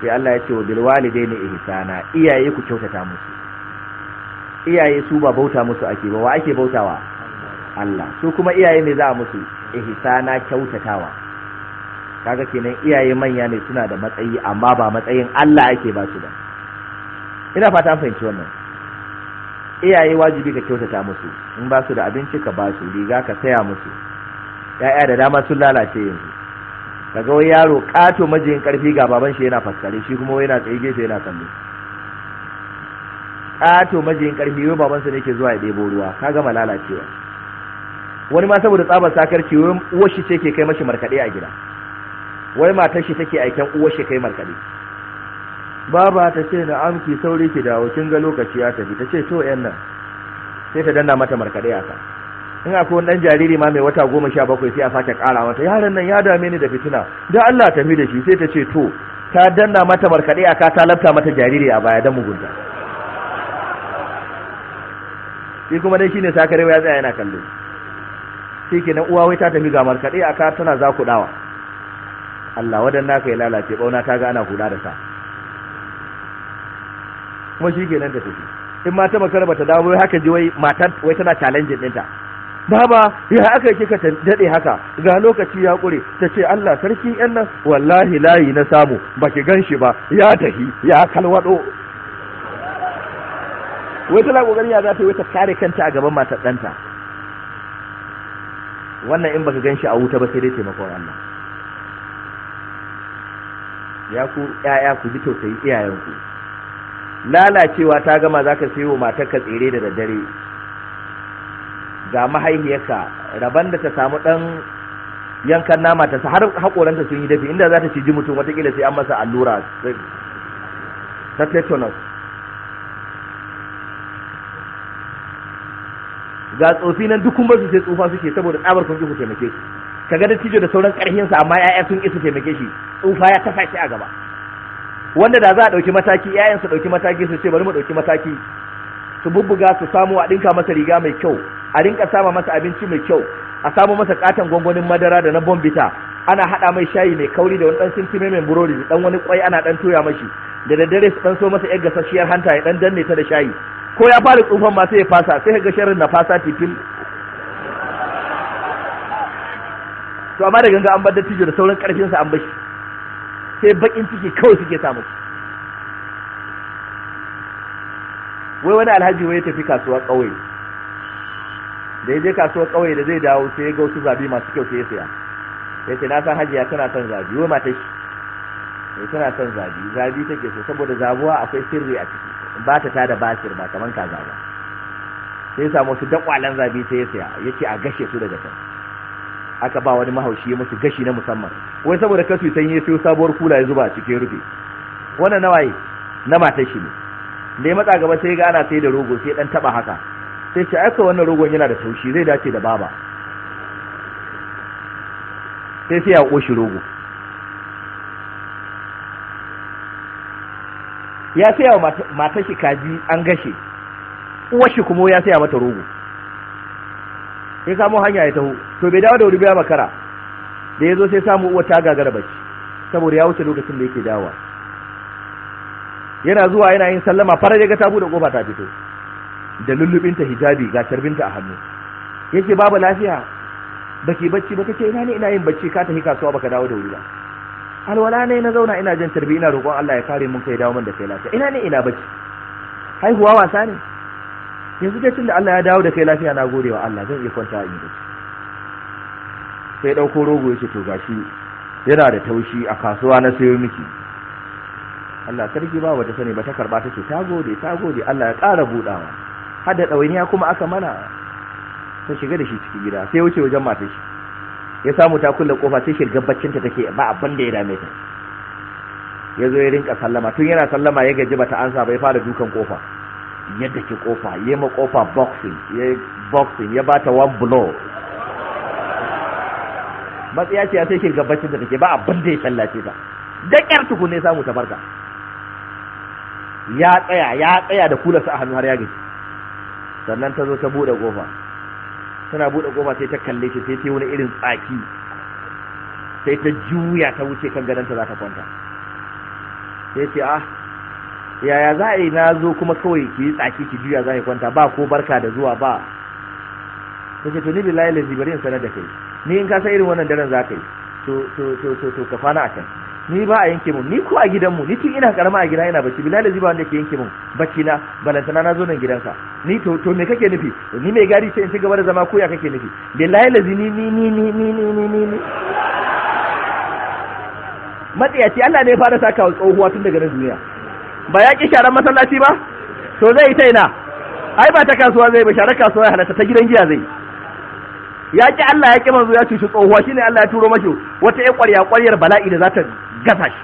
sai Allah ya ce wa bil walidaini ihsana iyaye ku kyautata musu iyaye su ba bauta musu ake ba wa ake bautawa Allah su kuma iyaye ne za a musu ihsana kyautatawa kaga kenan iyaye manya ne suna da matsayi amma ba matsayin Allah ake ba su da. ina fata an fahimci wannan iyaye wajibi ka kyautata musu in ba su da abinci ka ba su riga ka saya musu ya'ya da dama sun lalace yanzu kaga wai yaro kato majiyin karfi ga baban shi yana faskare shi kuma yana tsaye gefe yana kallo kato majiyin karfi wai baban sa ne ke zuwa ya ɗebo ruwa ka gama lalacewa wani ma saboda tsabar sakarci wai uwar shi ce ke kai mashi markaɗe a gida wai matar shi take aiken uwar shi kai markaɗe baba ta ce na amki sauri ki dawo kin ga lokaci ya tafi ta ce to yan nan sai ta danna mata markaɗe aka in akwai wani ɗan jariri ma mai wata goma sha bakwai sai a sake ƙara mata yaron nan ya dame ni da fitina da Allah tafi da shi sai ta ce to ta danna mata markaɗe aka ta lafta mata jariri a baya da mugunta shi kuma dai shine sakare ya tsaya yana kallo shi kenan uwa wai ta tafi ga markaɗe aka tana za ku dawa Allah wadanna ka yi lalace bauna ta ga ana huda da sa kuma shi kenan da tafi in ma ta makara bata dawo wai haka ji wai matar wai tana challenging ɗinta baba ya aka kika ta daɗe haka ga lokaci ya ƙure ta ce Allah sarki yan nan wallahi layi na samu baki gan shi ba ya tafi ya kalwaɗo wai tana ƙoƙarin ya za ta ta kare kanta a gaban matar danta? wannan in baka gan shi a wuta ba sai dai taimakon Allah ya ku ya ku ji tausayi iyayenku lalacewa ta gama za ka sayo matarka tsere da daddare ga mahaihiyarka rabon da ta samu ɗan yankan nama ta har hakoranta sun yi dafi inda za ta ciji mutum watakila sai an masa allura ta tetanus ga tsofi nan duk kun basu sai tsufa suke saboda tsabar kun ki ku taimake su kaga da tijo da sauran ƙarhinsa amma 'ya'ya sun isa taimake shi tsufa ya tafa shi a gaba wanda da za a ɗauki mataki yayan ɗauki mataki su ce bari mu ɗauki mataki su bubbuga su samu a ɗinka masa riga mai kyau a rinka sama masa abinci mai kyau a samu masa katon gwangwanin madara da na bombita ana haɗa mai shayi mai kauri da wani ɗan sintime mai burodi da ɗan wani kwai ana ɗan toya mashi da daddare su ɗan so masa yar gasasshiyar hanta ya ɗan danne ta da shayi ko ya fara tsufan ma sai ya fasa sai ka ga sharrin na fasa titin. to amma da ganga an bar dattijo da sauran ƙarfinsa an bashi sai bakin ciki kawai suke samu wai wani alhaji wai tafi kasuwa kawai da ya je kasuwa kawai da zai dawo sai ya ga wasu zabi masu kyau sai ya saya ya ce na san hajiya tana son zabi wai mata shi sai eh, tana son zabi zabi take so saboda zabuwa akwai sirri a ciki ba ta tada basir ba kaman kaza ba sai ya samu su dakwalan zabi sai ya saya ya ce a gashe su daga can aka ba wani mahaushi ya musu gashi na musamman wai saboda kasu sai ya siyo sabuwar kula ya zuba a cikin rufe wannan na waye na matar shi ne da ya matsa gaba sai ga ana sai da rogo sai dan taba haka sai ce aka wannan rogon yana da taushi zai dace da baba sai sai ya koshi rogo ya sai wa matar shi kaji an gashe uwar shi kuma ya saya mata rogo Sai samu hanya ya taho to bai dawo da wuri ba makara da ya zo sai samu uwa ta gagara baki saboda ya wuce lokacin da yake dawowa yana zuwa yana yin sallama fara daga ta bude kofa ta fito da lullubinta hijabi ga tarbinta a hannu yake babu lafiya baki bacci ba kace ina ne ina yin bacci ka tafi kasuwa baka dawo da wuri ba alwala ne na zauna ina jin tarbi ina roƙon Allah ya kare mun kai dawo mun da kai lafiya ina ne ina bacci haihuwa wasa ne yanzu dai tunda Allah ya dawo da kai lafiya na gode wa Allah zan iya kwanta a inda sai ɗauko rogo ya ce to gashi yana da taushi a kasuwa na sayo miki Allah sarki ba wata sani ba ta karba ta ce ta gode ta gode Allah ya ƙara buɗawa har da ɗawainiya kuma aka mana ta shiga da shi cikin gida sai wuce wajen matar shi ya samu ta kulle kofa sai shirgar baccin ta take ba abin da ya dame ta ya zo ya rinka sallama tun yana sallama ya gaji bata ansa ba ya fara dukan kofa ya daki kofa ya yi makofa boxing ya boxing ya bata one blow matsiya ce sai shi gabacin da take ba abin da ya tallace ta da kyar tukune samu ta barka ya tsaya ya tsaya da kula sa a hannu har ya gaji sannan ta zo ta bude kofa tana bude kofa sai ta kalle shi sai ta yi wani irin tsaki sai ta juya ta wuce kan gadonta za ta kwanta sai ce ah yaya za a yi na zo kuma kawai ki yi tsaki ki juya za a yi kwanta ba ko barka da zuwa ba ta ce to ni billahi lazi bari in sanar da kai ni in ka san irin wannan daren za ka yi to ka fana akan ni ba a yanke mun ni ko a gidanmu ni tun ina karama a gida ina bacci billahi lazi ba wanda ke yanke mun bacci na balantana na zo nan gidansa ni to me kake nufi ni mai gari ce in ci gaba da zama ko ya kake nufi billahi lazi ni ni ni ni ni ni ni ni matsiyaci Allah ne ya fara saka tsohuwa tun daga nan duniya ba ya ƙi sharar masallaci ba to zai ta ina ai ba ta kasuwa zai ba shara kasuwa ya halatta ta gidan giya zai ya ƙi Allah ya ƙi manzo ya cuci tsohuwa shine Allah ya turo mashi wata ƴan ƙwarya ƙwaryar bala'i da za ta gasa shi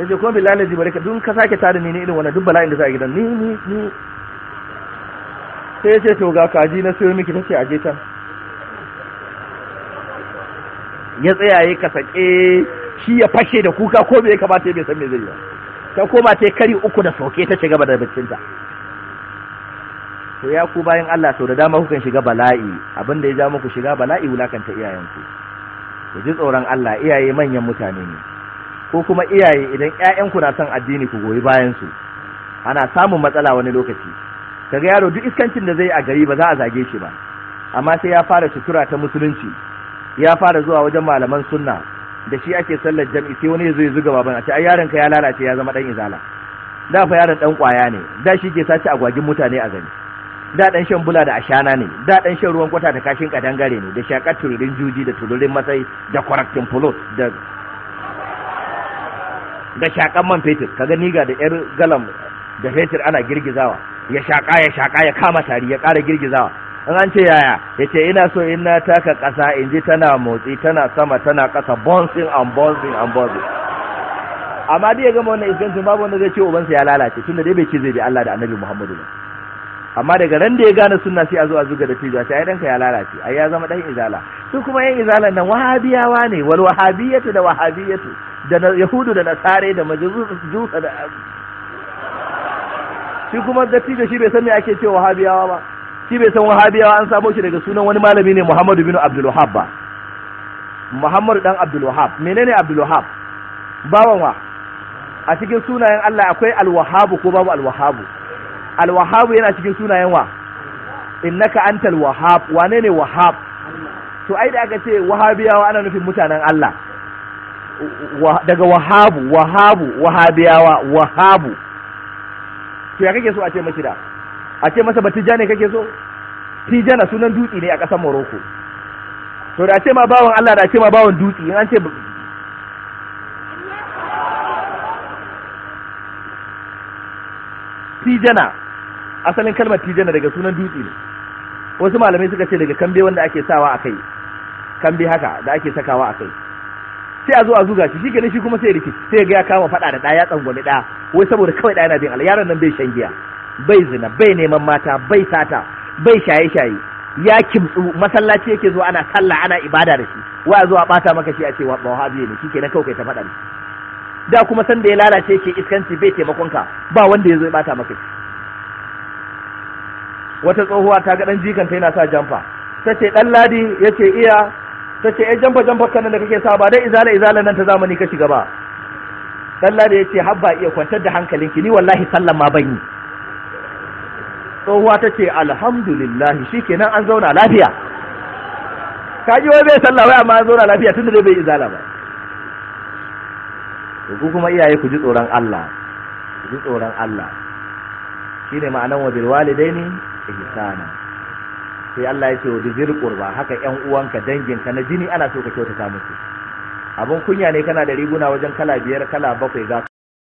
yace kuma billahi lazi baraka dun ka sake tada ni ne irin wannan duk bala'in da za a gidan ni ni ni sai yace to ga kaji na sayo miki tace aje ta ya tsaya ya kasake shi ya fashe da kuka ko bai kamata bai san me zai yi ba. ta koma ta kari uku da sauke ta ci gaba da baccinta to ya ku bayan Allah sau da dama kukan shiga bala'i abinda ya ja muku shiga bala'i wulakanta iyayenku ku ji tsoron Allah iyaye manyan mutane ne ko kuma iyaye idan ƴaƴanku na son addini ku goyi bayan su ana samun matsala wani lokaci kaga yaro duk iskancin da zai a gari ba za a zage shi ba amma sai ya fara sutura ta musulunci ya fara zuwa wajen malaman sunna da shi ake sallar jam'i sai wani zai zuga baban a ce ai yaron ka ya lalace ya zama dan izala da fa yaron dan kwaya ne da shi ke sace agwagin mutane a gani da dan shan bula da ashana ne da dan shan ruwan kwata da kashin kadangare ne da shakar tururin juji da tururin masai da correcting fulot da da shakan man fetur kaga niga da yar galam da fetur ana girgizawa ya shaka ya shaka ya kama tari ya ƙara girgizawa in an ce yaya ya ce ina so in na taka ƙasa in ji tana motsi tana sama tana ƙasa bouncing and bouncing and bouncing amma dai ya gama wannan iskancin babu wanda zai ce ubansa ya lalace tun da dai bai ce zai bi Allah da annabi Muhammadu ba amma daga ran da ya gane sunna sai a zo a zuga da tijo sai ɗanka ya lalace ai ya zama ɗan izala su kuma yan izalan nan wahabiyawa ne wal wahabiyatu da wahabiyatu da yahudu da nasare da majusa da shi kuma da tijo shi bai san me ake cewa wahabiyawa ba shi bai san wahabiyawa an samo shi daga sunan wani malami ne muhammadu bin abdul wahab ba muhammadu dan abdul wahab menene abdul wahab bawan wa a cikin sunayen Allah akwai alwahabu ko babu alwahabu alwahabu yana cikin sunayen wa innaka antal wahab wane ne wahab to ai da aka ce wahabiyawa ana nufin mutanen Allah daga wahabu wahabu wahabiyawa wahabu to ya kake so a ce maki da a ce masa ba tijjani kake so tijjana sunan dutse ne a ƙasar Morocco to da a ce ma bawan Allah da a ce ma bawan dutse in an ce tijana asalin kalmar tijana daga sunan dutse ne wasu malamai suka ce daga kambe wanda ake sawa a kai kambe haka da ake sakawa a kai sai a zo a zuga shi shikenan shi kuma sai rikici sai ga ya kama fada da ɗaya ya tsangwame ɗaya wai saboda kawai ɗaya na bin Allah yaron nan bai shan giya bai zina bai neman mata bai sata bai shaye-shaye ya kimtsu masallaci yake zuwa ana sallah ana ibada da shi waya zuwa bata maka shi a ce wa wahabi ne shi na kai ta faɗa da kuma sanda ya lalace ke iskanci bai taimakon ka ba wanda ya zo ya bata maka wata tsohuwa ta ga dan jikanta yana sa jamfa ta ce dan ladi ya ce iya ta ce ai eh, jamfa jamfa kan da kake sa ba dai izala izala nan ta zamani ka shiga ba dan ladi ya ce habba iya kwantar da hankalinki ni wallahi sallan ma ban yi tsohuwa ta ce alhamdulillah shi kenan an zauna lafiya ka ji wai bai sallah wai amma an zauna lafiya tun da bai izala ba ku kuma iyaye ku ji tsoron Allah ku ji tsoron Allah Shi shine ma'anan wa bil walidaini ihsana sai Allah ya ce wa bil qurba haka ƴan uwanka danginka na jini ana so ka kyautata musu abun kunya ne kana da riguna wajen kala biyar kala bakwai ga